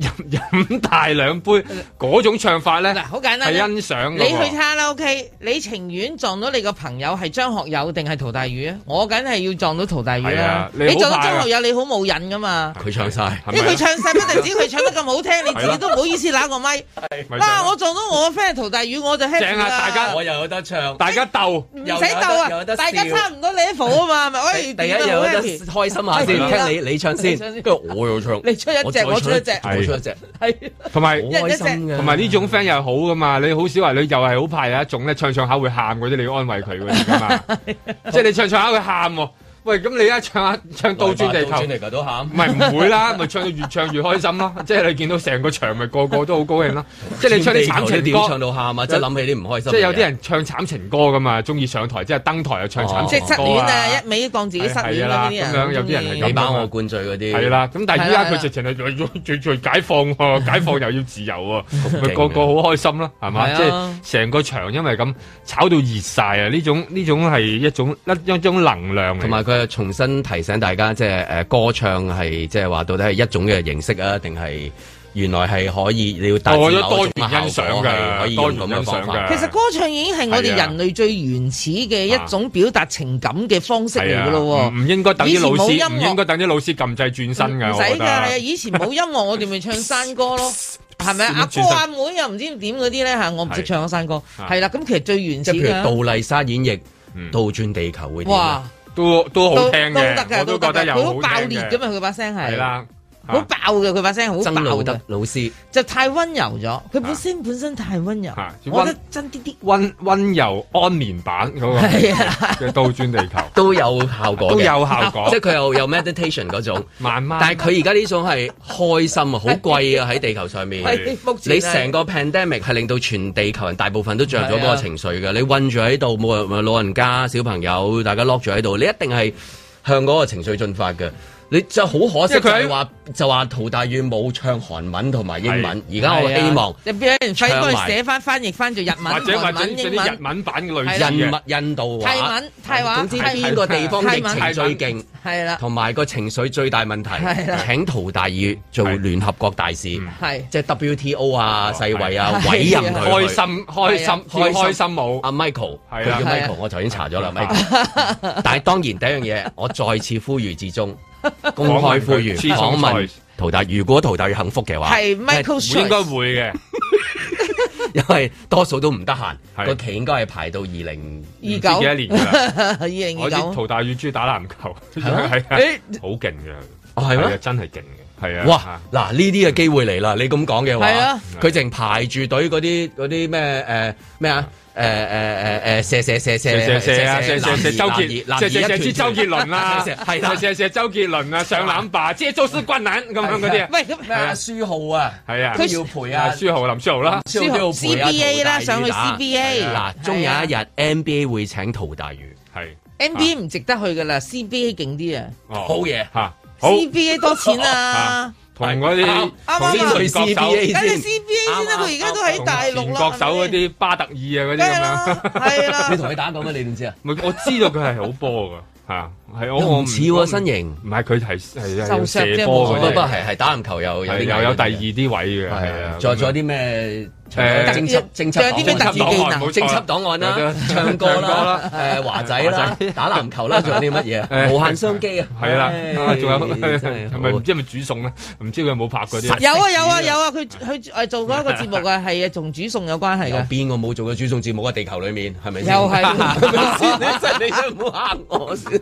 飲大兩杯嗰、嗯、種唱法咧，好簡單係欣賞。你去聽啦，OK？你情願撞到你個朋友係張學友定係陶大宇啊？我梗係要撞到陶大宇啦、啊啊。你撞到張學友，你好冇癮噶嘛？佢唱晒，因為佢唱晒，不但止佢唱得咁好聽，你自己都唔好意思攞個咪。嗱、啊， 我撞到我個 friend 陶大宇，我就聽、啊、大家我又有得唱，大家鬥，唔使鬥啊，大家差唔多 level 啊嘛。 第一，第一有得 happy，開心下、啊、先，聽你你唱先，啊、我又唱，你出一隻，我出一隻。係同埋，同埋呢種 friend 又係好噶嘛？ 你好少話你又係好怕。有一種咧唱唱下會喊嗰啲，你要安慰佢㗎嘛？即 係是吧 你唱唱下會喊喎。喂，咁你而家唱下唱倒轉地球，咪唔係唔會啦，咪 唱到越唱越開心咯、啊。 即係你見到成個場，咪個個都好高興咯、啊。 即係你唱啲慘情歌，唱到喊嘛、啊，即係諗起啲唔開心、啊。即係有啲人唱慘情歌噶嘛，中意上台即係登台就唱慘情歌啦、啊。失、哦、戀啊，啊，一味當自己失戀咁樣有啲人係咁把我灌醉嗰啲。係、啊、啦，咁但係而家佢實情係最最解放、啊、 解放又要自由啊，咪 個個好開心咯、啊，係嘛、啊？即係成個場因為咁炒到熱晒啊！呢種呢 種係一種一一種能量同埋佢。重新提醒大家，即係誒，歌唱係即係話，到底係一種嘅形式啊，定係原來係可以你要帶多種因素嘅，可以咁樣上嘅。其實歌唱已經係我哋人類最原始嘅一種表達情感嘅方式嚟噶咯。唔、啊啊啊、應該等啲老師，唔應該等啲老師撳掣轉身噶。唔使噶，係啊，以前冇音樂，我哋咪唱山歌咯，係咪阿哥、哥阿妹又唔知點嗰啲咧吓？我唔識唱山歌。係啦、啊，咁、啊、其實最原始嘅。杜麗莎演繹《倒轉地球》嗰啲。都都好聽嘅，我都覺得有好，好爆裂噉啊，佢把聲係。好爆嘅，佢把聲好爆嘅。老、老師就太溫柔咗，佢本身本身太溫柔、啊。我覺得真啲啲溫溫柔安眠版嗰個嘅倒轉地球 都有效果都有效果。 即係佢又有 meditation 嗰種 慢慢。但係佢而家呢種係開心啊，好貴啊，喺地球上面。 你成個 pandemic 係令到全地球人大部分都着咗嗰個情緒嘅、啊，你困住喺度，冇老人家、小朋友，大家 lock 住喺度，你一定係向嗰個情緒進發嘅。你就好可惜就話、是、就話陶大宇冇唱韓文同埋英文，而家我希望入成，佢嗰個寫翻翻譯翻做日文、日文、版嘅文、印印度話、泰文，泰總之邊個地方疫情最勁？係啦、啊，同埋、啊、個情緒最大問題。請、啊啊、陶大宇做聯合國大使，係即係 WTO 啊、啊世衛啊，啊，委任佢、啊啊，開心、開心、啊、開心冇。阿、啊、Michael，佢、啊、叫 Michael，我頭先查咗啦，Michael。但係當然第一樣嘢，我再次呼籲至終。公開呼籲，採訪問陶大，如果陶大要幸福嘅話，係 Michael 應該會嘅， 因為多數都唔得閒，個期應該係排到二零二九幾一年啦。二零二陶大宇中意打籃球，係係，好勁嘅，係啊， 啊欸、係啊真係勁嘅，係啊。哇，嗱呢啲嘅機會嚟啦、嗯！你咁講嘅話，佢淨排住隊嗰啲嗰啲咩誒咩啊？誒誒誒誒，寫寫寫寫寫寫寫寫周傑，寫寫寫支周傑倫啦、啊，係 啦，寫周傑倫啊，上籃吧，即係做事困難咁樣嗰啲啊。喂，阿書豪啊，係啊，佢要陪啊，書豪，林書豪啦、啊，書豪。CBA 啦、啊啊，上去 CBA。嗱，終有一日 NBA 會請陶大宇，係 NBA 唔值得去噶啦，CBA 勁啲啊，好嘢吓，CBA 多錢啊。同嗰啲同啲隊角手，梗係 CBA 先啦。佢而家都喺大陸啦。國手嗰啲巴特爾啊嗰啲咁樣，你同佢打過咩？你點知啊？我知道佢係好波㗎，係啊。係我似喎、哦、身形，唔係佢係係社科嘅，不不係係打籃球又又有第二啲位嘅，係啊，再做啲咩誒偵緝偵緝檔偵緝檔案啦、啊啊，唱歌啦、啊，誒、啊、華仔啦、啊啊，打籃球啦，仲有啲乜嘢？無限商機啊，係啦，仲有係咪唔知係咪煮餸咧？唔知佢有冇拍嗰啲？有啊有啊有啊！佢佢誒做過一個節目啊，係誒同煮餸有關係嘅。邊個冇做過煮餸節目喺地球裏面係咪？又係你唔好嚇我先。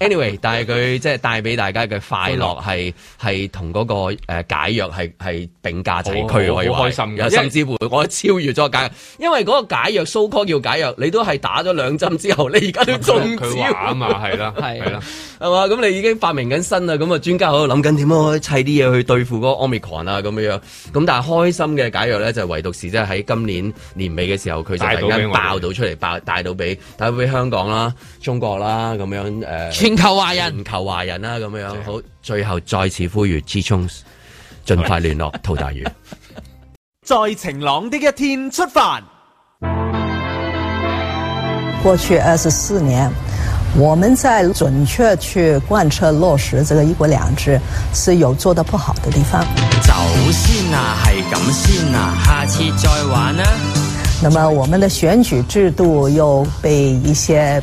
Anyway，但係佢即係帶俾大家嘅快樂係係同嗰個誒解藥係係並駕齊驅嘅，齊哦、我為開心嘅，甚至乎我超越咗解藥，因為嗰個解藥 so called 叫解藥，你都係打咗兩針之後，你而家都中招啊嘛，係 啦，係啦，係嘛，咁你已經發明緊新啦，咁啊專家喺度諗緊點樣可以砌啲嘢去對付嗰個 omicron 啊，咁樣，咁、嗯、但係開心嘅解藥咧就唯獨是即係喺今年年尾嘅時候，佢就突然間爆到出嚟，爆帶到俾帶到俾香港啦、中國啦咁樣。全球華人，全球華人啦，咁樣好。最後再次呼籲志聰，盡快聯絡陶大宇。 在晴朗的一天出發。過去二十四年，我們在準確去貫徹落實這個一國兩制，是有做得不好的地方。就先啊，係咁先啊，下次再玩啦、啊。那麼我們的選舉制度又被一些。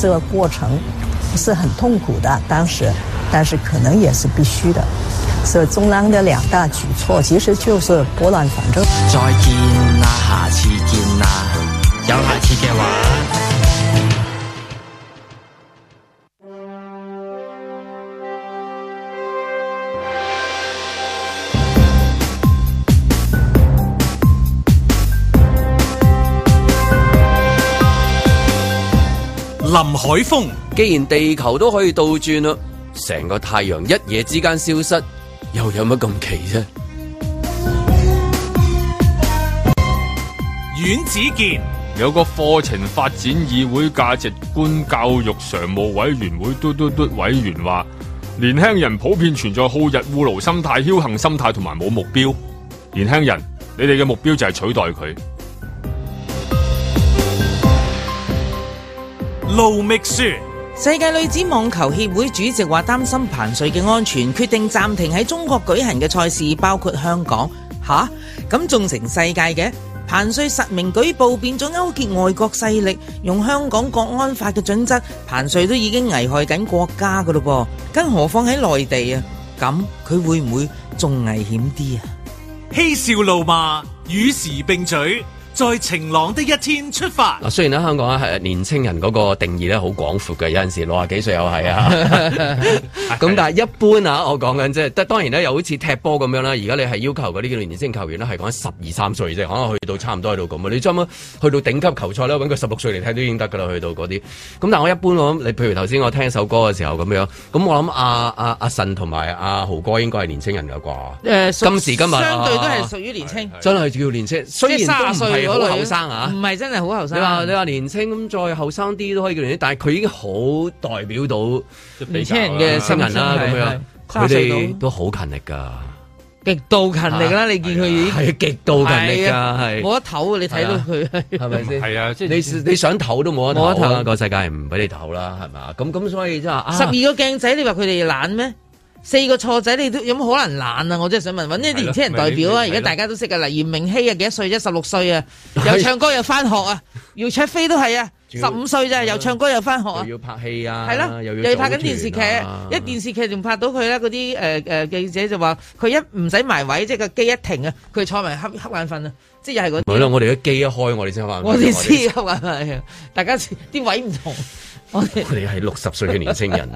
這個過程是很痛苦的，當時，但是可能也是必須的。所以中央的兩大舉措其實就是撥亂反正。再見啦，下次見啦，有下次嘅話林海峰，既然地球都可以倒轉啦，成個太陽一夜之間消失，又有乜咁奇啫？阮子健，有個課程發展議會價值觀教育常務委員會，嘟嘟嘟委員話，年輕人普遍存在好逸惡勞心態、僥倖心態同埋冇目標。年輕人，你哋嘅目標就係取代佢。盧覓雪，世界女子網球協會主席話擔心彭帥嘅安全，決定暫停喺中國舉行嘅賽事，包括香港。吓、啊，咁仲成世界嘅？彭帥實名舉報，變咗勾結外國勢力，用香港國安法嘅準則，彭帥都已經危害緊國家噶咯噃，更何況喺內地啊？咁佢會唔會仲危險啲啊？嬉笑怒罵，與時並舉。在晴朗的一天出發人。有時啊，雖然咧香港咧係年青人嗰個定義咧好廣闊嘅，有陣時六十幾歲又係啊。咁但係一般啊，我講緊即係，當然咧又好似踢波咁樣啦。而家你係要求嗰啲年青球員咧，係講十二三歲啫，可能去到差唔多去到咁你做去到頂級球賽咧，揾個十六歲嚟睇都已經得噶啦，去到嗰啲。咁但我一般我諗，你譬如頭先我聽首歌嘅時候咁樣，咁我諗阿阿阿晨同埋阿豪哥應該係年青人嘅啩。今時今日相對都係屬於年青，啊，真係叫年青。雖然嗰個後生啊，唔係真係好後生。你話你話年青咁，再後生啲都可以叫年青，但係佢已經好代表到年輕人嘅新、啊、人啦。咁佢哋都好勤力噶、啊，極度勤力啦、啊。你見佢已經係極度勤力噶，係冇得唞啊，你睇到佢係咪先？係啊，你啊啊沒啊你，你，你想唞都冇得唞、啊，唞個、啊、世界唔俾你唞啦、啊，係嘛？咁、嗯、咁所以即係十二個鏡仔，你話佢哋懶咩？四個錯仔你都有冇可能懶啊？我真係想問，搵啲年輕人代表啊！而家大家都識噶啦，炎明熹啊，幾多歲啫、啊？十六歲啊，又唱歌又翻學啊， 姚焯菲都係啊，十五歲咋，又唱歌又翻學啊，要拍戲啊，係咯，又要拍緊、啊啊、電視劇、啊，一電視劇仲拍到佢咧，嗰啲誒誒記者就話，佢一唔使埋位，即係個機一停啊，佢坐埋黑黑眼瞓啊，即係又係嗰啲？係咯，我哋嘅機一開，我哋先翻。我哋知啊大家啲、那個、位唔同。 我哋係六十歲嘅年青人。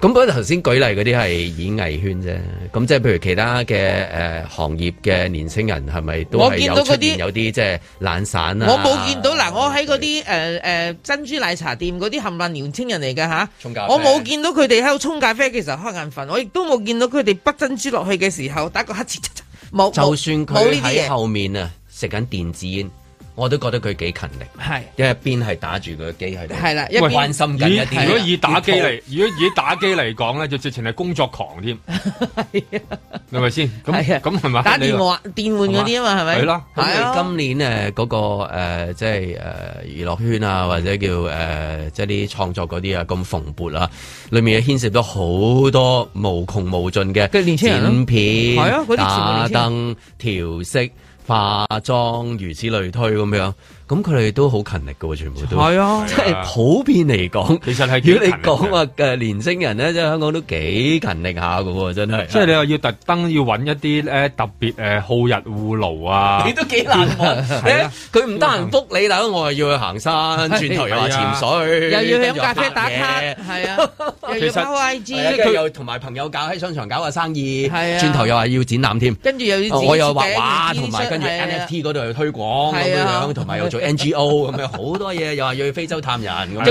咁嗰頭先舉例嗰啲係演藝圈啫，咁即係譬如其他嘅誒、呃、行業嘅年青人係咪都係有出現有啲即係懶散啊？我冇見到嗱，我喺嗰啲誒誒珍珠奶茶店嗰啲冚唪唥年青人嚟嘅吓，我冇見到佢哋喺度沖咖啡嘅時候瞌眼瞓。我亦都冇見到佢哋不珍珠落去嘅時候打個乞嗤。冇。就算佢呢喺後面啊，食緊電子煙。我都覺得佢幾勤力，因為、啊、一邊係打住個機喺度、啊，關心緊一啲。如果以打機嚟，如果以打機嚟講咧，就直情係工作狂添，係咪先？咁咁係咪？打電話、電換嗰啲啊嘛，係咪、啊？係啦、啊，咁、啊啊、今年誒、那、嗰個即係誒娛樂圈啊，或者叫誒即係啲創作嗰啲啊，咁蓬勃啊，裏面又牽涉到好多無窮無盡嘅剪片、啊、打燈、調色。化妝，如此類推咁樣。咁佢哋都好勤力㗎喎，全部都係啊！即係、啊、普遍嚟講，如果你講話嘅年青人咧，即係香港都幾勤力下㗎喎，真係。所以、啊啊、你又要特登要揾一啲咧特別好逸惡勞啊！你都幾難行，佢唔得閒覆你啦，我又要去行山，啊、轉頭又話潛水、啊，又要去咖啡打卡，係啊， 又要 I G，又同埋朋友搞喺商場搞下生意、啊，轉頭又話要展覽添、啊，跟住又要我又畫畫同埋跟住 NFT 嗰度去推廣同埋又做。N G O 咁樣，好多嘢，又話要去非洲探人，咁仲要去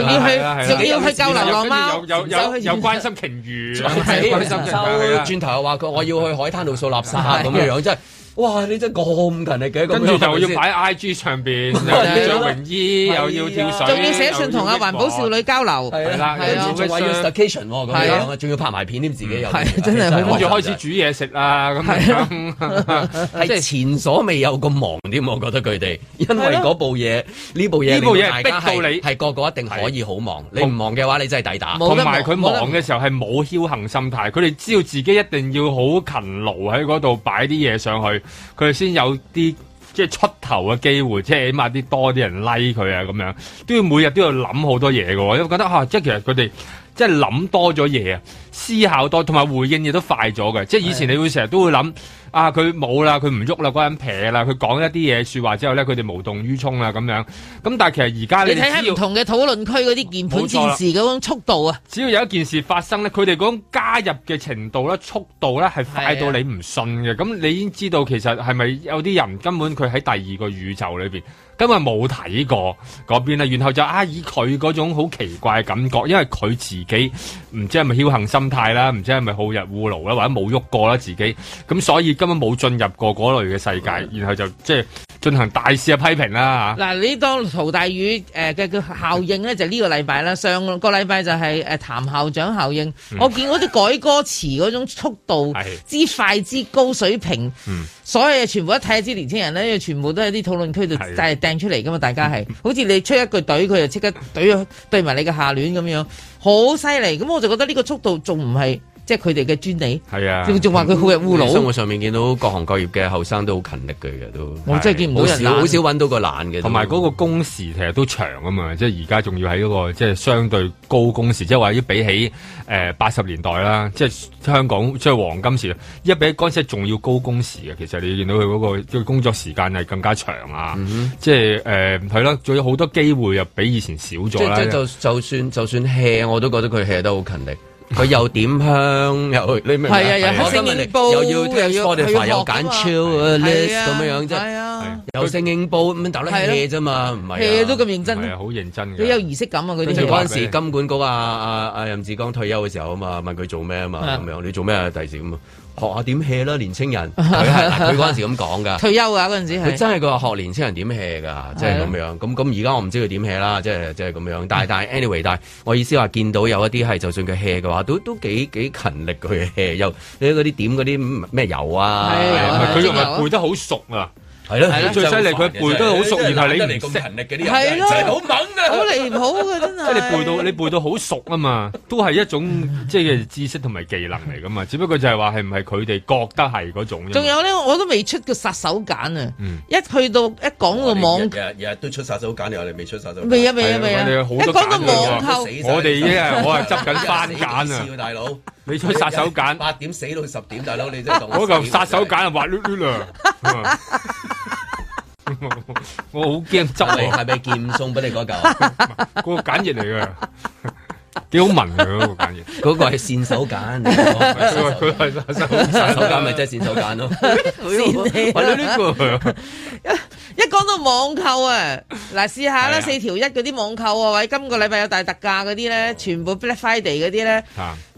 仲要去救流浪貓，有有有有關心鯨魚，關心收。轉頭又話佢我要去海灘度掃垃圾咁樣樣，即係。哇！你真咁勤力嘅，跟住就要擺 I G 上邊你着泳衣，又要跳水，仲要寫信同阿環保少女交流。係啦，仲要 staycation 咁樣，仲要拍埋片添自己又。係真係要開始煮嘢食啊！咁樣係前所未有咁忙添，我覺得佢哋，因為嗰部嘢呢部嘢令大家係個個一定可以好忙。你唔忙嘅話，你真係抵打。同埋佢忙嘅時候係冇僥倖心態，佢哋知道自己一定要好勤勞喺嗰度擺啲嘢上去。佢哋先有啲即係出頭嘅機會，即係起碼啲多啲人 like 佢啊，咁樣都要每日都要諗好多嘢嘅，因為覺得吓、啊，即係其實佢哋。即係諗多咗嘢啊，思考多，同埋回應亦都快咗嘅。即係以前你會成日都會諗，啊佢冇啦，佢唔喐啦，嗰人撇啦，佢講一啲嘢說話之後咧，佢哋無動於衷啦咁樣。咁但係其實而家你睇下唔同嘅討論區嗰啲鍵盤戰士嗰種速度啊，只要有一件事發生咧，佢哋嗰種加入嘅程度咧，速度咧係快到你唔信嘅。咁、啊、你已經知道其實係咪有啲人根本佢喺第二個宇宙裏邊。今日冇睇過嗰邊啦，然後就阿以佢嗰種好奇怪嘅感覺，因為佢自己。唔知係咪僥幸心態啦，唔知係咪好日烏牢啦，或者冇喐過啦自己，咁所以根本冇進入過嗰類嘅世界，然後就即係進行大肆嘅批評啦嗱、啊，你當陶大宇誒嘅個效應咧，就呢個禮拜啦，上個禮拜就係誒譚校長效應、嗯。我見嗰啲改歌詞嗰種速度之快之高水平，嗯、所有嘢全部一睇下啲年輕人咧，全部都喺啲討論區度係掟出嚟噶嘛，大家係好似你出一句懟，佢就即刻懟咗埋你嘅下聯咁樣。好犀利，咁我就覺得呢個速度仲唔係。即係佢哋嘅專利，係啊！仲仲話佢好日烏魯、嗯，生活上面見到各行各業嘅後生都好勤力嘅，都我真係見唔到好少搵到個懶嘅。同埋嗰個工時其實都長啊嘛，嗯、即係而家仲要喺嗰個即係相對高工時，即係話要比起誒八十年代啦，即係香港即係黃金時，一比起嗰陣時仲要高工時嘅。其實你見到佢嗰個工作時間係更加長啊，嗯、即係誒係啦，仲、呃、有好多機會又比以前少咗即係就就算就算 hea，我都覺得佢 hea 得好勤力。佢又點香又你明嘛？又要又要 fire 又揀 chill list 咁樣樣啫，有聲應報咁打得嘢啫嘛，唔係嘢都咁認真，好認真嘅，你有儀式感啊嗰啲。嗰陣時金管局啊啊啊任志剛退休嘅時候啊嘛，問佢做咩啊嘛，咁樣你做咩啊第時咁啊？學下點 hea 啦，年青人佢係佢嗰時咁講噶，退休噶嗰陣時，佢真係佢學年青人點 hea 噶，即係咁樣。咁咁而家我唔知佢點 hea 啦，即係即係咁樣。但係、嗯、但係 anyway，但係我意思話見到有一啲係就算佢 hea 嘅話，都都幾幾勤力佢 hea 又，你嗰啲點嗰啲咩油啊，佢又咪背得好熟啊？係咯係咯，最犀利佢背得好熟，然後你唔會咁勤力嗰啲人。係咯，好猛啊，好離譜㗎，真係。即 係你背到，你背到好熟啊嘛，都係一種 即係知識同埋技能嚟噶嘛，只不過就係話係唔係佢哋覺得係嗰種。仲有咧，我都未出個殺手鐧啊、嗯！一去到一講個網日日，日日都出殺手鐧，你話你未出殺手鐧？未啊未啊未啊！講個網購，我哋依家我係執緊番揀啊，大佬。你出殺手鐧，八點死到十點，大佬你真係凍死。嗰嚿殺手鐧啊，滑捋捋啊！我好驚，執你係咪劍送俾你嗰嚿啊？ 嗰個簡易嚟噶。 幾好聞嗰 個揀嘢，嗰個係線手揀。佢係線手揀咪真係線手揀咯。 哎、呀 一講到網購啊，嗱 試下啦，四條一嗰啲網購啊，或者今個禮拜有大特價嗰啲咧，全部 Black Friday 嗰啲咧，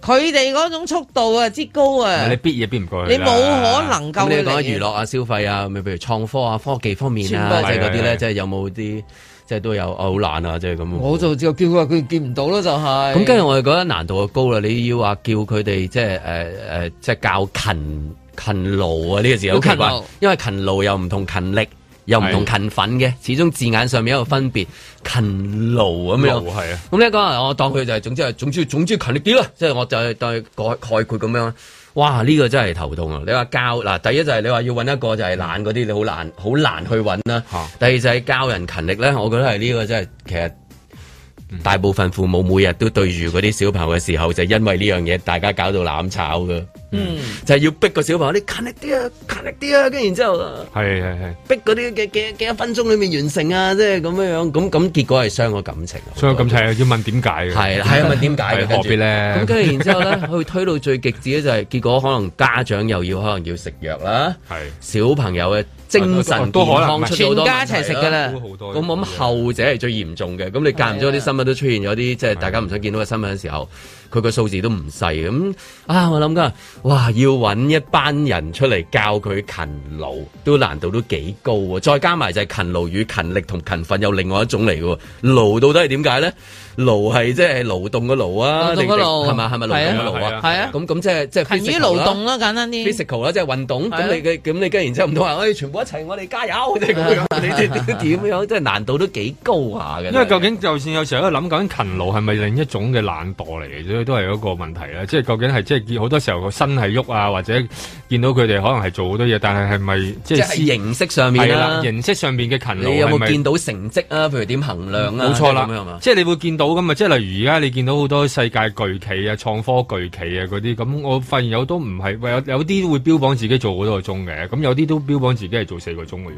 佢哋嗰種速度啊，之高啊，你 bid 嘢 bid 唔過。你冇可能夠。你講娛樂啊、消費啊，咪 譬如創科啊、科技方面啊， 即係嗰啲咧，即係有冇啲？即係都有好難啊，即係咁。我就只有叫佢話，佢見唔到啦就係。咁跟住我就覺得難度就高啦。你要話叫佢哋即係誒即係教勤勤勞啊，呢個字好奇怪，因為勤勞又唔同勤力，又唔同勤奮嘅，始終字眼上面有個分別。勤勞咁樣，咁呢講我當佢就係總之係總之總之勤力啲啦，即係我就代概概括咁樣。哇！呢、呢個真係頭痛啊！你話教嗱，第一就係你話要搵一個就係懶嗰啲，你好難好難去搵啦。第二就係教人勤力咧，我覺得係呢個真係其實。大部分父母每日都對住嗰啲小朋友嘅時候，就是、因為呢樣嘢，大家搞到攬炒㗎。嗯，就係、是、要逼個小朋友你勤力啲啊，勤力啲啊，跟住然之後係係係逼嗰啲幾幾幾多分鐘裏面完成啊，即係咁樣樣，咁咁結果係傷咗感情。傷咗感情要問點解嘅？係係啊，問點解佢何必咧？咁跟住然之後咧，去推到最極致咧、就是，就係結果可能家長又要可能要食藥啦，係小朋友嘅。精神健康都可能出到好多問題啦，咁我諗後者係最嚴重嘅。咁你間唔中啲新聞都出現咗啲，即係大家唔想見到嘅新聞嘅時候。佢個數字都唔細咁啊！我諗緊，哇，要揾一班人出嚟教佢勤勞，都難度都幾高喎。再加埋就係勤勞與勤力同勤奮有另外一種嚟嘅喎。勞到底係點解咧？勞係即係勞動嘅勞啊，係咪？係咪勞動嘅勞啊？係啊。咁咁即係即係關於勞動咯，啊，簡單啲。Physical 啦，啊，即、就、係、是、運動。咁、啊、你咁你跟然之後唔到話，我、哎、哋全部一齊，我哋加油。即係咁你哋點樣？即係難度都幾高下嘅。因為究竟，就算有時候喺度諗緊勤勞係咪另一種嘅懶惰嚟嘅啫？佢都係一個問題啦，即係究竟係即係見好多時候個身係喐啊，或者見到佢哋可能係做好多嘢，但係係咪即係形式上面啦、啊？形式上面嘅勤勞，你有冇見到成績啊？譬如點衡量啊？冇、嗯、錯啦，樣即係你會見到咁嘛。即係例如而家你見到好多世界巨企啊、創科巨企啊嗰啲，咁我發現有都唔係有啲會標榜自己做好多個鐘嘅，咁有啲都標榜自己係做四個鐘嘅啫，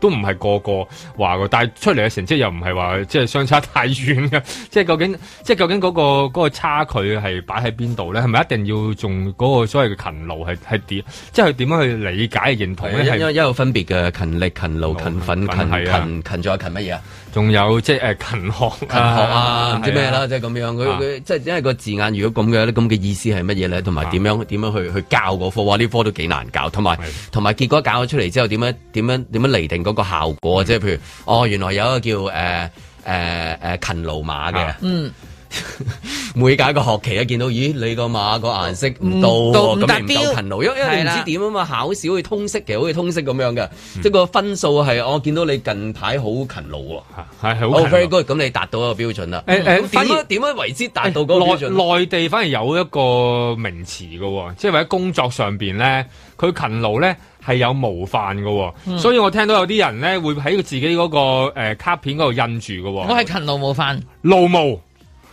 都唔係個個話個，但係出嚟嘅成績又唔係話即係相差太遠嘅，即係究竟即係究竟嗰、嗰個嗰、嗰個差距。佢係擺喺邊度咧？係咪一定要仲嗰個所謂嘅勤勞係係點？即係佢點樣去理解認同咧？係一個分別嘅勤力、勤勞、勤奮、勤勤勤、勤、勤在勤乜嘢啊？仲有即係誒勤學、勤學啊？唔、啊、知咩啦，即係咁樣。佢即係因為個字眼如果咁嘅，咁嘅意思係乜嘢咧？同埋點樣點、啊、樣去去教嗰科啊？呢科都幾難教，同埋同埋結果教咗出嚟之後，點樣點樣點樣厘定嗰個效果、嗯、即係譬如哦，原來有一個叫誒誒誒勤勞馬嘅、啊，嗯。 每隔一個學期咧，一見到咦，你馬、那個馬個顏色唔到，咁唔夠勤勞，因為你唔知點啊嘛，考試好似通識其實好似通識咁樣嘅，即係個分數係我見到你近排好勤勞，係係好，very good，咁你達到一個標準啦。誒、嗯、點、嗯、樣點、哎、為之達到個標準？內、哎、地反而有一個名詞嘅，即係喺工作上邊咧，佢勤勞咧係有模範嘅、嗯，所以我聽到有啲人咧會喺自己嗰、那個誒、呃、卡片嗰度印住嘅。我係勤勞模範，勞模。勞模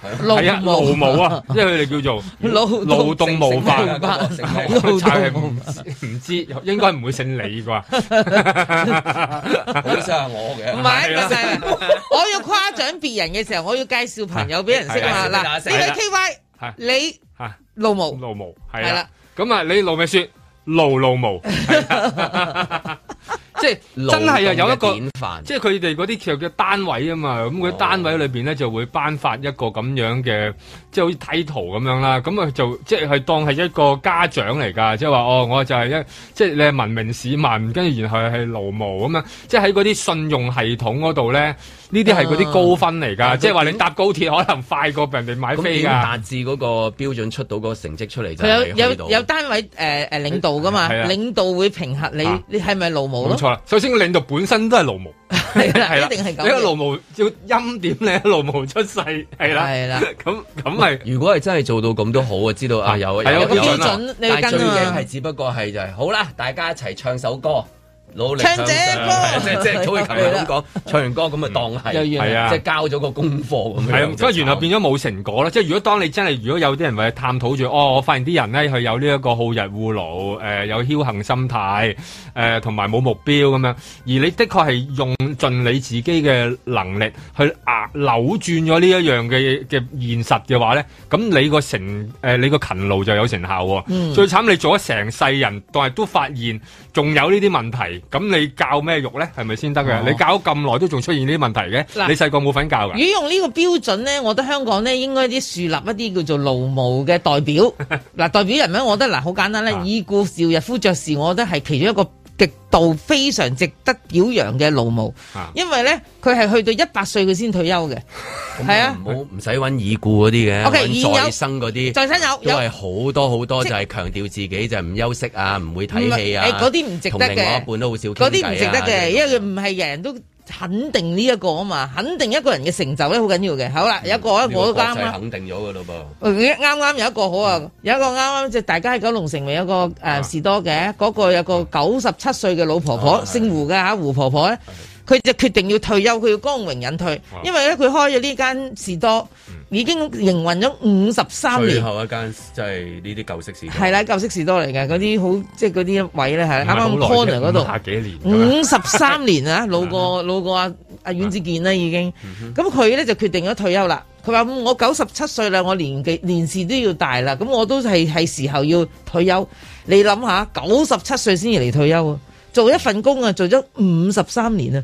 係啊，勞模啊，即係佢哋叫做勞勞動模範。唔知唔知，應該唔會姓李啩？好似係我嘅。唔係，老細，我要誇獎別人嘅時候，我要介紹朋友俾人識下。嗱，呢個 K Y，你勞模。勞模係啊。咁啊，你勞咪說勞勞模。即真係啊！有一個典範，即係佢哋嗰啲其實叫單位啊嘛，咁佢啲單位裏面咧就會頒發一個咁樣嘅、oh.，即係好似睇圖咁樣啦。咁啊就即係係當係一個家長嚟㗎，即係話哦，我就係一即係你係文明市民，跟住然後係勞模咁樣，即係喺嗰啲信用系統嗰度咧。呢啲係嗰啲高分嚟噶，即係話你搭高鐵可能快過人哋買飛噶，達至嗰個標準出到個成績出嚟就係。有有有單位誒誒、呃、領導噶嘛、嗯，領導會評核你，啊、你係咪勞模冇錯啦，首先領導本身都係勞模，一定係咁。你一個勞模要欽點你一勞模，勞模出世係啦，係啦，咁咁係。如果係真係做到咁都好啊，知道啊有係、嗯、有個標準，有標準你跟啊、但最驚係只不過係就係、是、好啦，大家一齊唱一首歌。唱這、即係即係即係、歌，即係琴日咁講，唱完歌咁咪當係，係啊，即係交咗個功課咁樣。係，不過原來變咗冇成果啦。即係如果當你真係如果有啲人咪探討住，哦，我發現啲人咧係有呢一個好逸惡勞，誒、呃，有僥倖心態，誒、呃，同埋冇目標咁樣。而你的確係用盡你自己嘅能力去壓扭轉咗呢一樣嘅嘅現實嘅話咧，咁你個成誒、呃、你個勤勞就有成效喎。嗯、最慘你做咗成世人，但係都發現仲有呢啲問題。咁你教咩肉咧？係咪先得嘅？你教咁耐都仲出現呢啲問題嘅你細個冇份教㗎？如果用呢個標準咧，我覺得香港咧應該啲樹立一啲叫做勞模嘅代表。嗱， 代表人物，我覺得嗱，好簡單咧，已故邵逸夫爵士，我覺得係其中一個。極度非常值得表揚嘅老母，因為咧佢係去到一百歲佢先退休嘅，係啊，唔好唔使揾已故嗰啲嘅，揾、okay, 在生嗰啲，在生有因為好多好多就是強調是，就係強調自己就唔休息啊，唔會睇戲啊，嗰啲唔值得嘅，同另外一半都好少，嗰啲唔值得嘅，因為唔係人人都。肯定呢一個啊嘛，肯定一個人嘅成就咧好緊要嘅。好啦，有一個我都啱啦。肯定咗嘅咯噃。啱啱有一個好啊，有一個啱啱、這個啊嗯啊嗯、即係、大家喺九龍城咪有一個誒、呃啊、士多嘅，嗰、嗰個有個九十七歲嘅老婆婆，啊、姓胡嘅吓，胡婆婆咧，佢、啊、就決定要退休，佢要光榮引退，啊、因為咧佢開咗呢間士多。嗯已經營運咗五十三年，最後一間即係呢啲舊式士多。係啦，舊式士多嚟嘅嗰啲好即係嗰啲位咧，係啱啱 Conner 嗰度，五十三年啊， 老過老過阿阿阮子健啦已經。咁佢咧就決定咗退休啦。佢話：我九十七歲啦，我年紀年事都要大啦，咁我都係係時候要退休。你諗下，九十七歲先至嚟退休，做一份工啊，做咗五十三年啊！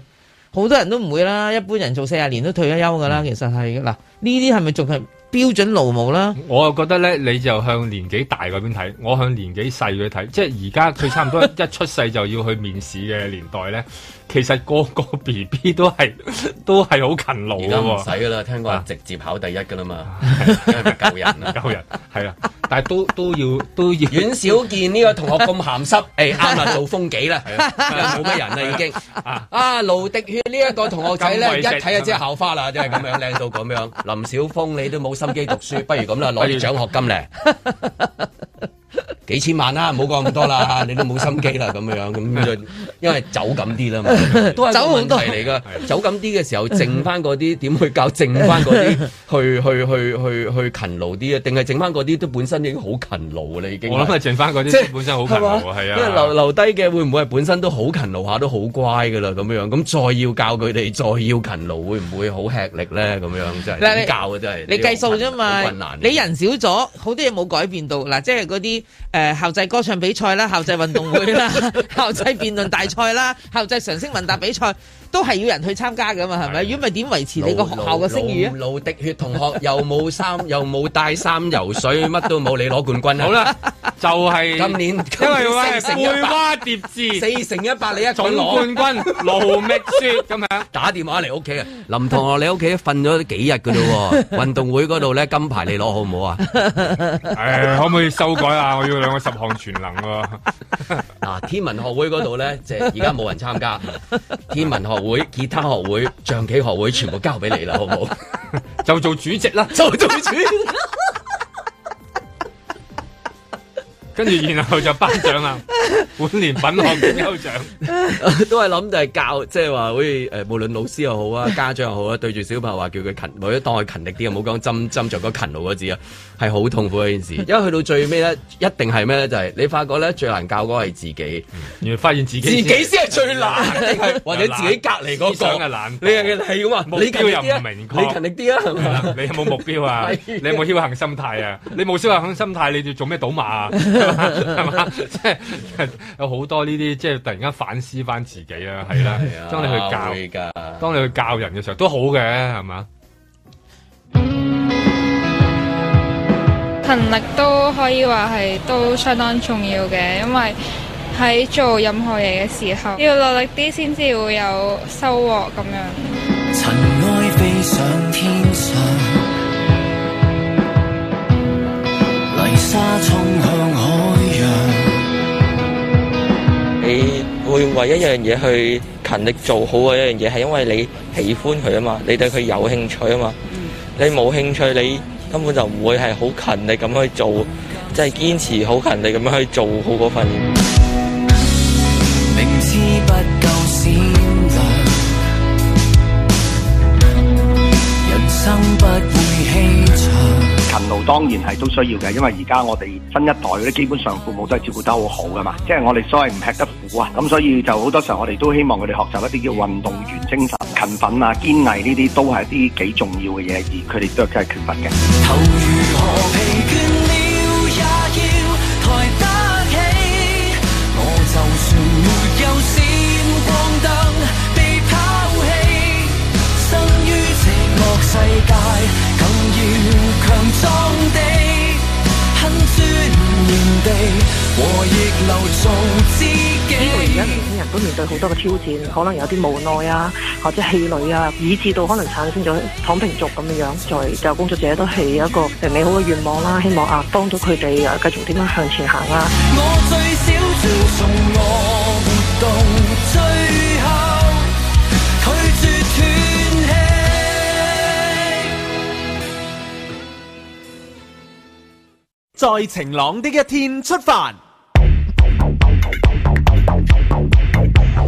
好多人都唔會啦，一般人做四十年都退咗休噶啦。其實係嗱，呢啲係咪仲係標準勞模啦？我啊覺得咧，你就向年紀大嗰邊睇，我向年紀細嗰啲睇。即係而家佢差唔多 一出世就要去面試嘅年代咧。其實個個 B B 都係都係好勤勞。哦，而家唔使噶啦，聽講直接考第一噶啦嘛，而家係咪救人啊？救人係啊，但係都都要都要。遠小健呢個同學咁鹹濕，誒啱，啦，做風紀啦，冇乜人啦已經啊。啊，盧、啊、迪血呢一個同學仔咧，一睇啊即係校花啦，就係咁樣靚、啊、到咁樣。林小峰，你都冇心機讀書，不如咁啦，攞條獎學金咧。 幾千萬啦、啊，唔好講咁多啦， 你都冇心機啦咁樣，咁因為走緊啲啦嘛， 都係個問題嚟㗎。走緊啲嘅時候剩， 剩翻嗰啲點去教？剩翻嗰啲去去去去去，去勤勞啲啊？定係剩翻嗰啲都本身已經好勤勞啦，已經。我諗係剩翻嗰啲，即本身好勤勞，係啊。因為留留低嘅會唔會係本身都好勤勞下都，都好乖㗎啦？咁樣咁再要教佢哋，再要勤勞，會唔會好吃力咧？咁樣真係點教啊？真係你計數啫嘛、困難，你人少咗，好多嘢冇改變到嗱，即係嗰啲誒，校際歌唱比賽啦，校際運動會啦， 校際辯論大賽啦， 校際常識問答比賽。都係要人去參加噶嘛，係咪？如果唔係點維持你個學校嘅聲譽啊？盧滴血同學又冇衫，又冇帶衫游水，乜都冇，你攞冠軍啊？好啦，就係今年，因為喂，背蛙蝶自四乘一百，你一舉攞冠軍，盧覓雪咁樣。打電話嚟屋企啊，林同學，你屋企瞓咗幾日噶咯？運動會嗰度咧，金牌你攞好唔好啊？誒，可唔可以修改啊？我要兩個十項全能喎。嗱，天文學會嗰度咧，即係而家冇人參加天文學。會、結他學會 象棋學會全部交俾你啦，好唔好？ 就做主席啦，就做主席。跟住然後就頒獎啦，本年品學兼優獎， 都係諗就係教，即係話好似誒，無論老師又好啊，家長又好啊，對住小朋友話叫佢勤，或者當佢勤力啲啊，唔好講針針著個勤勞嗰字啊，係好痛苦一件事，因為去到最尾咧，一定係咩咧，就係、是、你發覺咧最難教嗰係自己，而、嗯、發現自己自己先係最難，最難 或者自己隔籬嗰、那個你係咁啊，你叫人唔明確，你勤力啲啊，你，啊你有冇目標啊？ 你有冇僥幸心態啊？你冇僥幸心態，你就做咩賭馬啊？ 係 嘛， 即係有好多呢啲，即係突然間反思翻自己啦，係啦，係啊。當你去教，當你去教人嘅時候，都好嘅，係嘛。勤力都可以話係都相當重要嘅，因為喺做任何嘢嘅時候，要努力啲先至會有收穫咁樣。沙沖向海洋，你會為一樣嘢去勤力做好嘅一樣嘢，係因為你喜歡佢啊嘛，你對佢有興趣啊嘛。你冇興趣，你根本就唔會係好勤力咁去做，即係堅持好勤力咁樣去做好嗰份。名次不不勤勞當然係都需要嘅，因為而家我哋新一代啲基本上父母都係照顧得好好噶嘛，即係我哋所謂唔吃得苦啊，咁所以就好多時候我哋都希望佢哋學習一啲叫運動員精神、勤奮啊、堅毅呢啲都係一啲幾重要嘅嘢，而佢哋都係缺乏嘅。因為而家年輕人都面對好多嘅挑戰，可能有啲無奈啊，或者氣餒啊，以致到可能產生咗躺平族咁樣樣。就工作者都係一個最美好嘅願望啦，希望啊幫到佢哋啊繼續點樣向前行啦。我最少在晴朗的一天出發。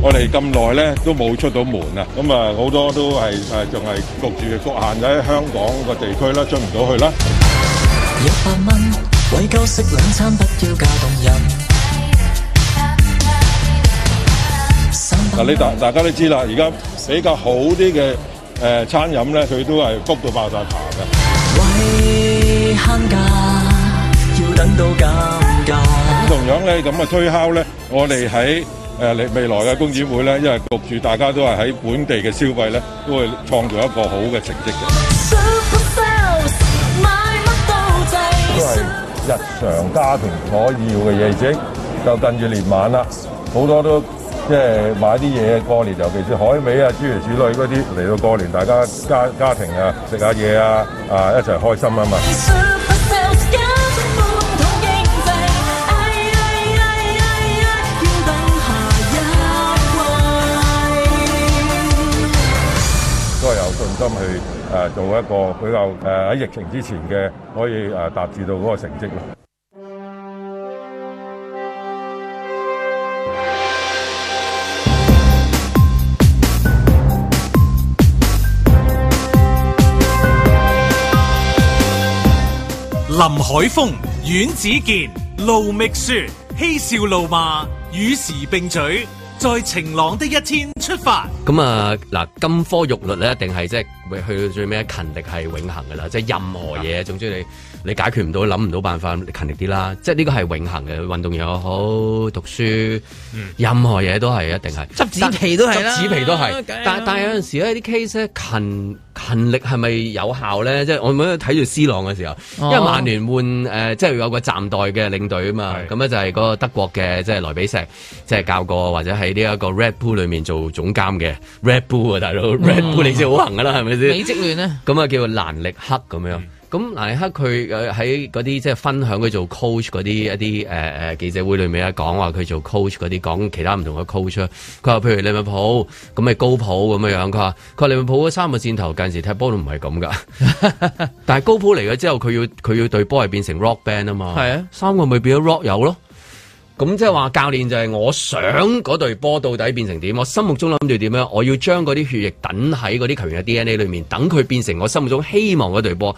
我哋咁耐咧，都冇出到門啊！咁啊，好多都係仲係焗住，局限咗喺香港個地區啦，出唔到去啦。一百蚊餵狗食兩餐，不要加凍飲。嗱，你大大家都知啦，而家比較好啲嘅餐飲咧，佢都係谷到爆曬棚嘅。為慳價。到同樣咧咁啊，噉推敲咧，我哋喺誒未未來嘅工展會咧，因為焗住大家都係喺本地嘅消費咧，都會創造一個好嘅成績嘅。都係日常家庭可以要嘅嘢，已經就趁住年晚啦，好多都即係買啲嘢過年，尤其是海味啊、豬油之類嗰啲，嚟到過年大家家家庭啊食下嘢啊啊一齊開心啊嘛。心去誒做一個比較誒喺疫情之前嘅，可以誒達至到嗰個成績。林海峰、阮子健、盧覓雪、嬉笑怒罵，與時並舉。在晴朗的一天出發。嗯，咁啊，嗱，金科玉律咧，一定係即。去到最尾，勤力係永恒噶啦，即係任何嘢，總之你你解決唔到，諗唔到辦法，勤力啲啦。即係呢個係永恒嘅運動又好，讀書，任何嘢都係一定係。執紙皮，皮都係執紙皮都係。但係但有陣時啲 case 勤勤力係咪有效咧？即係我睇住 C 朗嘅時候，case, 是是時候哦、因為曼聯換、呃、即係有個暫代嘅領隊啊嘛，咁咧就係嗰個德國嘅，即係萊比錫，即、就、係、是、教過或者喺呢一個 Red Bull 裏面做總監嘅 Red Bull 啊，大佬、嗯、Red Bull 你先好行噶啦，係、嗯、咪？是美職聯呢，咁啊叫做蘭力克咁樣，咁蘭力克佢誒喺嗰啲即係分享佢做 coach 嗰啲一啲誒誒記者會裏面一講話佢做 coach 嗰啲講其他唔同嘅 coach，佢話譬如利物浦咁咪高普咁樣樣，佢話佢話利物浦三個箭頭近時踢波都唔係咁噶， 但係高普嚟咗之後，佢要佢要對波係變成 rock band 啊嘛，係啊，三個咪變咗 rock 友咯。.咁即係話，教練就係我想嗰隊波到底變成點？我心目中諗住點樣？我要將嗰啲血液等喺嗰啲球員嘅 DNA 裏面，等佢變成我心目中希望嗰隊波。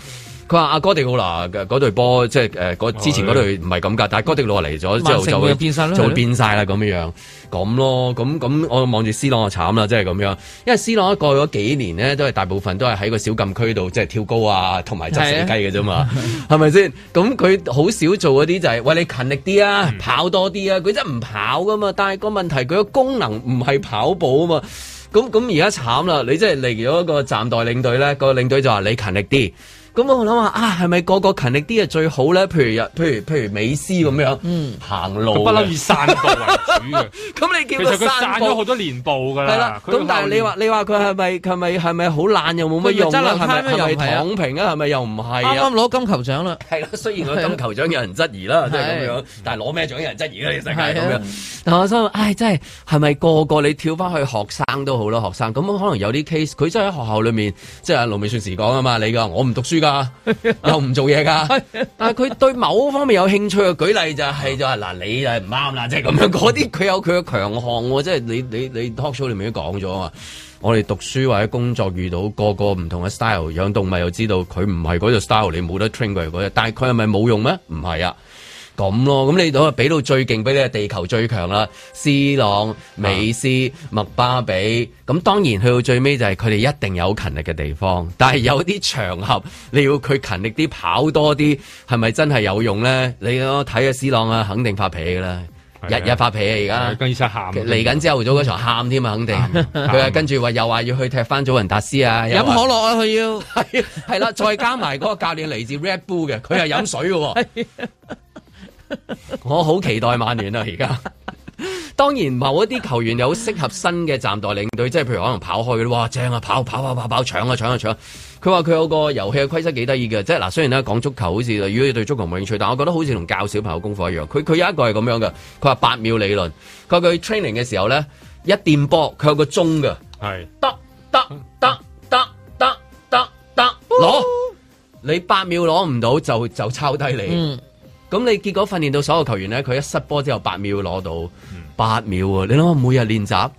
佢話阿哥迪奧拿嘅嗰隊波，即係誒之前嗰隊唔係咁噶，但係哥迪奧拿嚟咗之後就會就會變晒啦，咁樣咁咯，咁咁我望住 C 朗就慘啦，即係咁樣，因為 C 朗過咗幾年咧，都係大部分都係喺個小禁區度即係跳高啊，同埋執死雞嘅啫嘛，係咪先？咁佢好少做嗰啲就係、是、喂你勤力啲啊，跑多啲啊，佢真係唔跑噶嘛？但係個問題佢嘅功能唔係跑步啊嘛，咁咁而家慘啦，你即係嚟咗個站代領隊咧，那個領隊就話你勤力啲。咁我諗啊，係咪個個勤力啲啊最好咧？譬如，譬如，譬如美斯咁樣，行、嗯、路不嬲以散步為主咁 你叫佢散咗好多年步噶啦。咁但係你話你話佢係咪佢咪係咪好爛又冇乜用是是啊？係咪又躺平啊？係咪又唔係啊？啱啱攞金球獎啦，係啦。雖然個金球獎有人質疑啦，即係咁樣，但係攞咩獎有人質疑其實係咁樣。但係我想，唉、哎，真係係咪個個你跳翻去學生都好咯？學生咁可能有啲 case，佢真係喺學校裏面，即係阿盧美順時講啊嘛。你話我唔讀書。噶又唔做嘢噶，但係佢對某方面有興趣嘅舉例就係就係嗱，你就係唔啱啦，即係咁樣嗰啲佢有佢嘅強項喎，即係你你你 talk show 裏面都講咗啊嘛，我哋讀書或者工作遇到個個唔同嘅 style，養動物又知道佢唔係嗰個 style，你冇得 train 佢嗰啲，但係佢係咪冇用咩？唔係啊。咁咯，咁你都俾到最勁，俾你嘅地球最強啦！C 朗、美斯、麥、啊、巴比，咁當然去到最尾就係佢哋一定有勤力嘅地方，但係有啲場合你要佢勤力啲跑多啲，係咪真係有用咧？你睇下 C 朗啊，肯定發脾氣啦、啊，日日發脾氣而家，跟住出喊嚟緊之後，早嗰場喊添啊，肯定佢啊，跟住話又話要去踢翻祖雲達斯啊，飲可樂啊，佢要係啦，再加埋嗰個教練嚟自 Red Bull 嘅，佢係飲水嘅、啊。 我好期待曼聯啊！而家當然，某一啲球員有好適合新嘅暫代領隊，即係譬如可能跑開嘅，哇！正啊，跑跑跑跑跑搶啊，搶啊搶！佢話佢有個遊戲嘅規則幾得意嘅，即係嗱，雖然咧講足球好似，如果你對足球冇興趣，但我覺得好似同教小朋友功課一樣。佢佢有一個係咁樣嘅，佢話八秒理論。佢佢 training 嘅時候咧，一電波，佢有個鐘嘅，係得得得得得得得，攞、哦、你八秒攞唔到就就抄低你。嗯咁你結果訓練到所有球員咧，佢一失波之後八秒攞到，八秒喎！你諗下每日練習，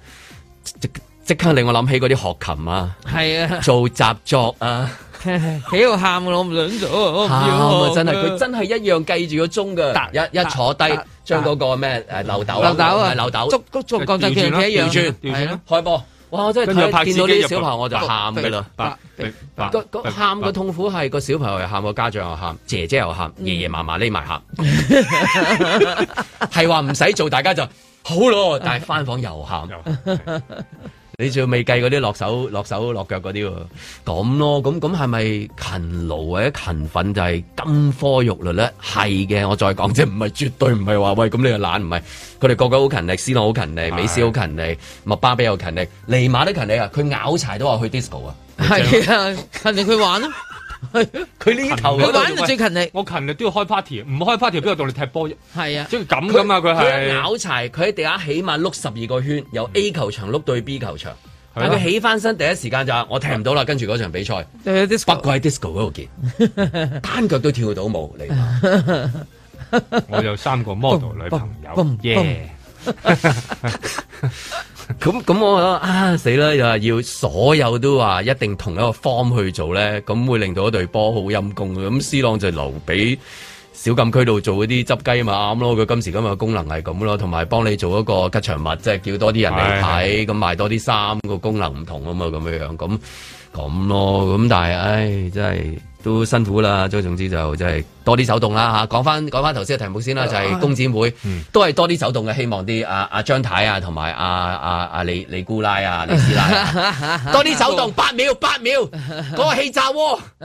即即刻令我諗起嗰啲學琴啊，係啊，做習作啊，企喺度喊啊！我唔想做，喊啊！啊啊啊啊啊真係佢真係一樣計住個鐘噶，一一坐低將嗰個咩誒漏斗啊，漏斗啊，漏斗，捉捉捉，角度轉咯，調轉，調轉，開波。哇！我真係睇見到呢啲小朋友我就喊嘅啦，個喊嘅痛苦係，個小朋友又喊，個家長又喊，姐姐又喊，爺爺嫲嫲匿埋喊，係話唔使做，大家就好咯。但係翻房又喊。你仲未計嗰啲落手落手落腳嗰啲喎？咁咯，咁咁係咪勤勞或者勤奮就係金科玉律咧？係嘅，我再講即係唔係絕對唔係話喂，咁你又懶唔係？佢哋個個好勤力，C 朗好勤力，美斯好勤力，麥巴比又勤力，尼馬都勤力啊！佢拗柴都話去 disco 啊！係啊，勤力佢玩咯。 佢 呢球，佢玩到最勤力，我勤力都要開 party，唔開 party 邊度到你踢波啫？係啊，即係咁㗎嘛，佢係咬柴，佢喺地下起碼碌十二個圈，由 A 球場碌到 B 球場，嗯、但佢起翻身、啊、第一時間就我踢唔到啦，跟住嗰場比賽，不過 disco 嗰度見， 單腳都跳到舞嚟。有你 我有三個 model 女朋友 Yeah . 咁 咁我覺得啊死啦！又話要所有都話一定同一個 form 去做咧，咁會令到一隊波好陰功。咁 C 朗就留俾小禁區度做嗰啲執雞啊嘛，啱咯。佢今時今日功能係咁咯，同埋幫你做一個吉祥物，即係叫多啲人嚟睇，咁賣多啲衫個功能唔同啊嘛，咁樣樣咁咁咯。咁但係唉，真係都辛苦啦。總之就真係。多啲走動啦嚇，講翻講翻頭先嘅題目先啦，就係、是、工展會，都係多啲走動嘅，希望啲阿阿張太啊，同埋阿阿阿李李姑奶啊，李師奶、啊、 多啲走動，八秒八秒，秒個氣炸鍋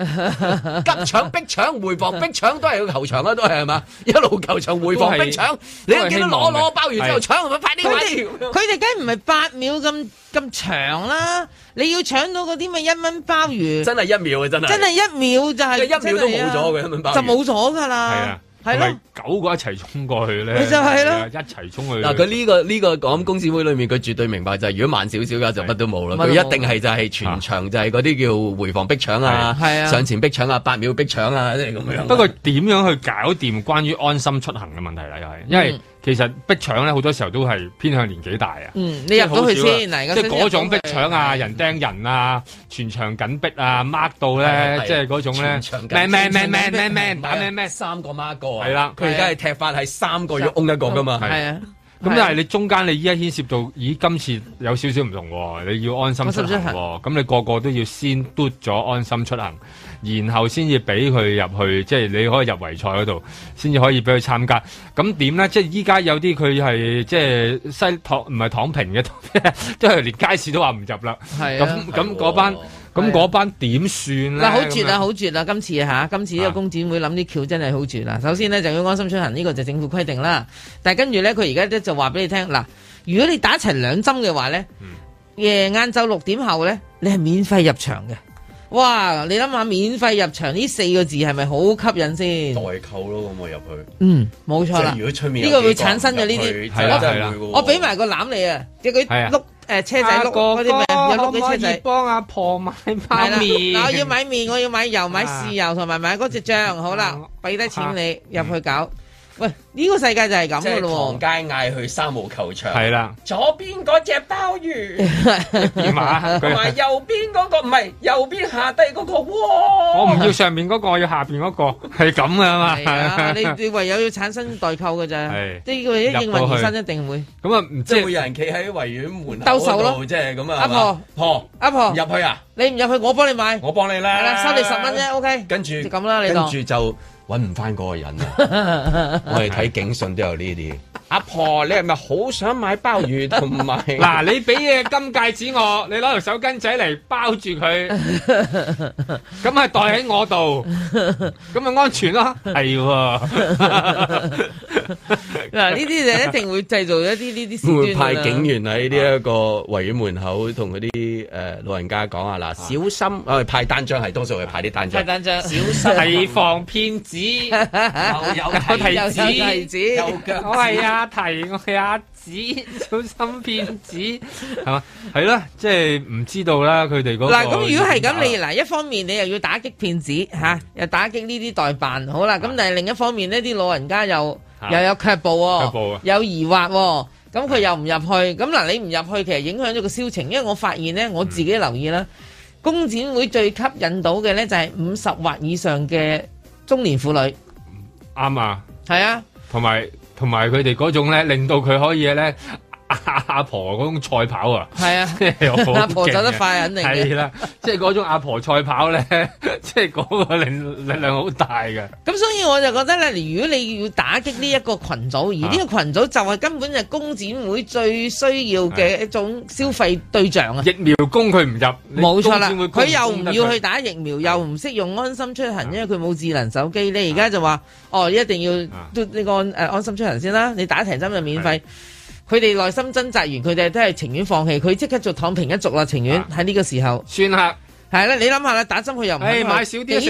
急搶逼搶回防逼搶，搶都係個球場啦，都係係嘛，一路球場回防逼搶，搶都是是你見攞攞鮑魚之後搶係咪？快啲，佢哋佢哋梗唔係八秒咁咁長啦，你要搶到嗰啲咪一蚊鮑魚？ 真係一秒啊！真係真係一秒就係、是、一秒都冇咗嘅一蚊鮑魚。咗噶啦，係啊，係咯、啊，九個一齊衝過去咧，就係、是啊啊、一齊衝去。嗱、啊，佢呢、這個呢、這個講公事會裏面，佢絕對明白就係、是，如果慢少少嘅就乜都冇啦，佢、啊、一定係就係全場就係嗰啲叫回防逼搶啊，係啊，啊，上前逼搶啊，八秒逼搶啊，即係咁樣、啊。不過點樣去搞掂關於安心出行嘅問題咧、啊？又係、啊、因為。嗯其實逼搶咧，好多時候都係偏向年紀大啊。嗯，你入到去先即係嗰種逼搶啊，啊嗯、人盯人啊，全場緊逼啊，mark 到咧，即係嗰種咧。明明明明明明打咩咩三個 mark 啊！係啦，佢而家嘅踢法係三個要攻、嗯、一個噶嘛。係啊，咁但係你中間你依家牽涉到，咦，今次有少少唔同、啊，你要安心出行、啊。咁、嗯、你個個都要先嘟咗安心出行、啊。嗯嗯嗯嗯嗯嗯然後先至俾佢入去，即、就、係、是、你可以入圍賽嗰度，先至可以俾佢參加。咁點咧？即係依家有啲佢係即係西躺，唔係躺平嘅，即係連街市都話唔入啦。係啊，咁咁嗰班，咁嗰、啊、班點算咧？嗱、啊，好絕啦、啊，好絕啦、啊！今次嚇、啊，今次呢個工展會諗啲橋真係好絕啦、啊。首先咧就要安心出行，呢、這個就政府規定啦。但係跟住咧，佢而家就話俾你聽，嗱，如果你打齊兩針嘅話咧，夜晏晝六點後咧，你係免費入場嘅。哇！你諗下免費入場呢四個字係咪好吸引先？代購咯，咁我入去。嗯，冇錯啦。如果出面呢個，呢個會產生咗呢啲，係啦係啦。我俾埋個籃你啊，即係嗰碌誒車仔碌嗰啲咩，有碌、呃、車仔，幫、啊、阿婆買麵。 我要買麵，我要買油，買豉油，同埋買嗰隻醬。好啦，俾、啊、啲錢你入、啊、去搞。喂，呢、這個世界就係咁噶咯。即係街嗌去三毛球場。係啦，左邊嗰隻鮑魚，同 埋右邊嗰、那個唔係，右邊下低嗰、那個那個。我唔要上面嗰、那個，要下邊嗰個。係咁噶嘛？係啊，你 你唯有要產生代購噶啫。係啲咁嘅應運而生，一定會。咁啊，即係會有人企喺維園門。兜售咯，即係咁啊。阿婆，婆，阿婆入去啊？你唔入去，我幫你買。我幫你啦，收你十蚊啫。OK 跟。跟住，就咁啦。你跟住就。揾唔返嗰個人啊！ 我哋睇警訊都有呢啲。阿婆，你係咪好想買鮑魚同埋？嗱、 啊，你俾嘅金戒指我，你攞條手巾仔嚟包住佢，咁係袋喺我度，咁 咪安全咯？係 嗱、哎呀，呢啲就一定會製造一啲呢啲，會，會派警員喺呢一個圍院門口同嗰啲誒老人家講下啦小心！我、啊哎、派單張係，多數會派啲單張，小心提防騙子， 有提子，提子有提子，我係啊。 阿 提，我係阿紫，小心騙子， 係嘛？係啦，即係唔知道啦，佢哋嗰個。嗱，咁如果係咁、哦，你嗱，一方面你又要打擊騙子吓，又、嗯、打擊呢啲代辦，好啦。咁、啊、但係另一方面呢啲老人家又、啊、又有、喔、卻步、啊，有疑惑、喔，咁佢又唔入去。咁、啊、嗱，你唔入去，其實影響咗個銷情。因為我發現咧，我自己留意啦，嗯、公展會最吸引到嘅咧，就係五十或以上嘅中年婦女。啱、嗯嗯、啊。係啊。同埋。同埋佢哋嗰種呢，令到佢可以呢。阿、啊、婆嗰種賽跑啊，係啊，阿婆走得快肯定係啦，即係嗰種阿、啊、婆賽跑咧，即係嗰個力力量好大嘅。咁所以我就覺得咧，如果你要打擊呢一個群組，而呢個群組就係根本就工展會最需要嘅一種消費對象啊，啊。疫苗攻佢唔入，冇錯啦，佢又唔要去打疫苗，啊、又唔識用安心出行，因為佢冇智能手機。你而家就話、啊、哦，你一定要都呢、啊這個誒、啊啊、安心出行先啦，你打齊針就免費。佢哋內心掙扎完，佢哋都係情願放棄，佢即刻就躺平一族啦，情願喺呢個時候、啊、算客。係啦，你諗下啦，打針佢又唔，幾、哎、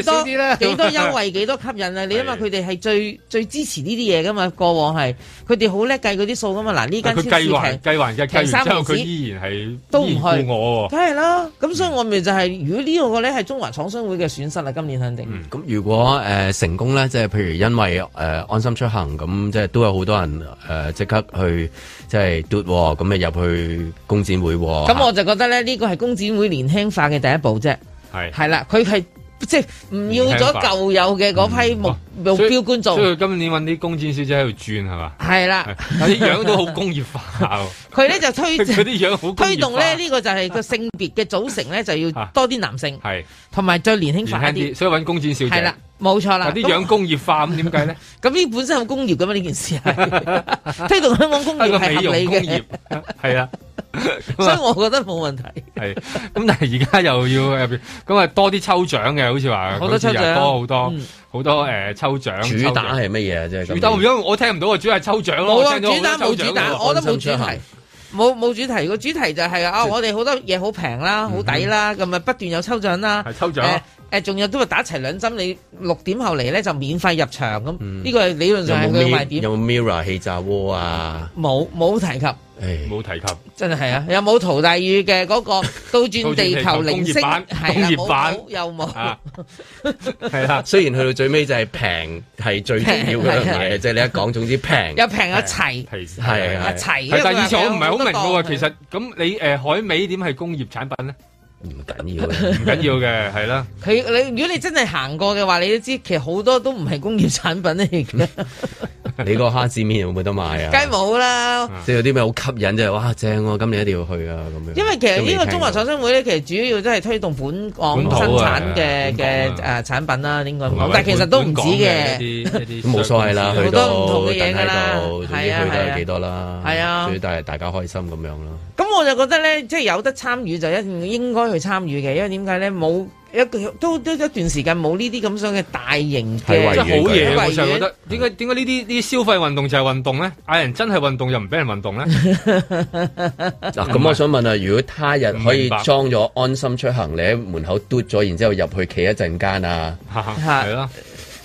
多幾多優惠，幾多吸引啊！你諗下佢哋係最最支持呢啲嘢噶嘛，過往係佢哋好叻計嗰啲數噶嘛。嗱呢間超市平，計完計完之後佢依然係都唔顧我、哦，梗係啦。咁所以我咪就係、是嗯，如果呢個咧係中華廠商會嘅損失啦、啊，今年肯定。咁、嗯、如果誒、呃、成功咧，即係譬如因為誒、呃、安心出行，咁即係都有好多人誒即、呃、刻去即係嘟咁咪入去工展會。咁我就覺得咧，呢、這個係工展會年輕化嘅第一步係係啦，佢係即係唔要咗舊有嘅嗰批目目標觀眾，所以佢今年搵啲公戰小姐喺度轉係嘛，係啦，啲 樣都好工業化。佢 咧就推佢啲 樣好，推動咧呢、呢個就係個性別嘅組成咧，就要多啲男性，係同埋再年輕化啲，所以搵公主小姐。是冇錯啦，啲樣工業化點解咧？咁呢本身有工業噶嘛？呢件事係推動香港工業係合理嘅 工，係 是啊， 所以我覺得冇問題。係咁，但係而家又要咁啊，呃、多啲抽獎嘅，好似話好多抽獎，好多好多好、嗯、多誒、呃，抽獎。主打係乜嘢？主打我我聽唔到啊，主要係、就是、抽獎咯，咯。主打冇主打，我都冇主題，冇冇主題。個主題就係、是、啊、哦，我哋好多嘢好平啦，好抵啦，咁咪、嗯、不斷有抽獎啦，係抽獎。呃誒，仲有都話打齊兩針，你六點後嚟咧就免費入場咁，呢、嗯這個係理論上冇佢賣點。有冇 MIRROR 氣炸鍋啊？冇冇提及，誒冇提及，真係啊！有冇陶大宇嘅嗰個 倒轉地球零工業版？工業版？有冇？係、啊、啦， 雖然去到最尾就係平係最重要嘅嘢，即係、就是、你一講，總之平又平又齊，係一齊。但以前我唔係好明嘅喎，其實咁你誒海味點係工業產品咧？唔緊要，唔 緊要嘅，係啦。佢你如果你真係行過嘅話，你都知，其實好多都唔係工業產品嚟嘅。 你個蝦子麵有冇得賣啊？梗係冇啦！即係有啲咩好吸引就啫？哇，正喎！今年一定要去啊！咁樣。因為其實呢、呢個中華創新會咧，其實主要都係推動本港、啊、生產嘅嘅誒產品啦，應該唔係唔係。但係其實都唔止嘅，都冇所謂啦。去到好多唔同嘅嘢㗎啦，係係。去得幾多啦？係啊。主要但係大家開心咁樣咯。咁、啊、我就覺得咧，即、就、係、是、有得參與就一定應該去參與嘅，因為點解咧冇？一個都都一段時間冇呢啲咁樣嘅大型嘅，真係好嘢。我就覺得點解點解呢啲呢消費運動就係運動咧？嗌人真係運動又唔俾人運動咧？嗱，咁我想問啊，如果他日可以裝咗安心出行，你喺門口嘟咗，然之後入去企一陣間啊，係咯？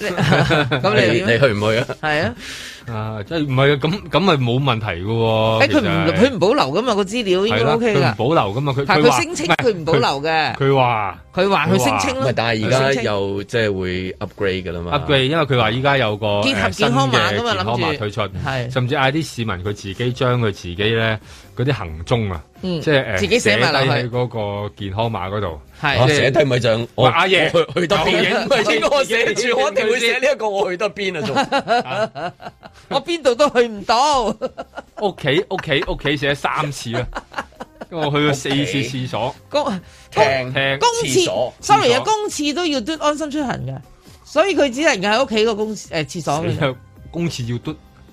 咁你你去唔去啊？係啊，啊即係唔係啊？咁咁咪冇問題噶？誒，佢唔佢唔保留噶嘛？個資料應該 OK 噶。佢唔保留噶嘛？佢佢聲稱佢唔保留嘅。佢話。佢話佢聲稱，但係而家又即係、就是、會 upgrade 嘅啦嘛。upgrade，因為佢話依家有個結合健康碼㗎嘛，諗住推出，係甚至嗌啲市民佢自己將佢自己咧嗰啲行蹤啊、嗯，即係自己寫埋喺嗰個健康碼嗰度、啊，我寫低咪就我阿爺去去多邊，我，我，、啊、我，我， 我寫住，我一定會寫呢、這、一個，我去得邊 啊？仲我邊度都去唔到，屋企屋企屋企寫三次啦。 我去過四次廁所，okay. 公廁 sorry 啊，公廁都要蹲安心出行嘅，所以佢只能夠喺屋企個公誒廁所，公廁要蹲。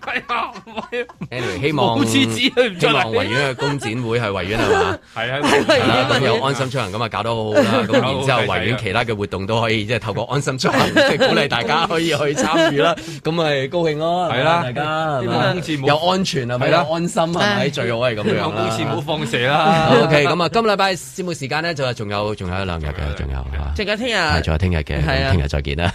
係 啊，希望希望維園嘅工展會係維園係嘛，係 是啊，咁、 嗯對 嗯嗯嗯、有安心出行，咁啊搞得好 然後 好啦。咁然之後維園其他嘅活動都可以即係透過安心出行，即係鼓勵大家可以去參與啦。咁 咪高興咯，係 啦、啊，大家有安全係咪、啊啊？安心係咪？最好係咁樣，有故事唔好放蛇啦。OK，咁啊，今禮拜節目時間呢，就仲有仲有一兩日嘅，仲有，仲有聽日，仲有聽日嘅，聽日再見啦。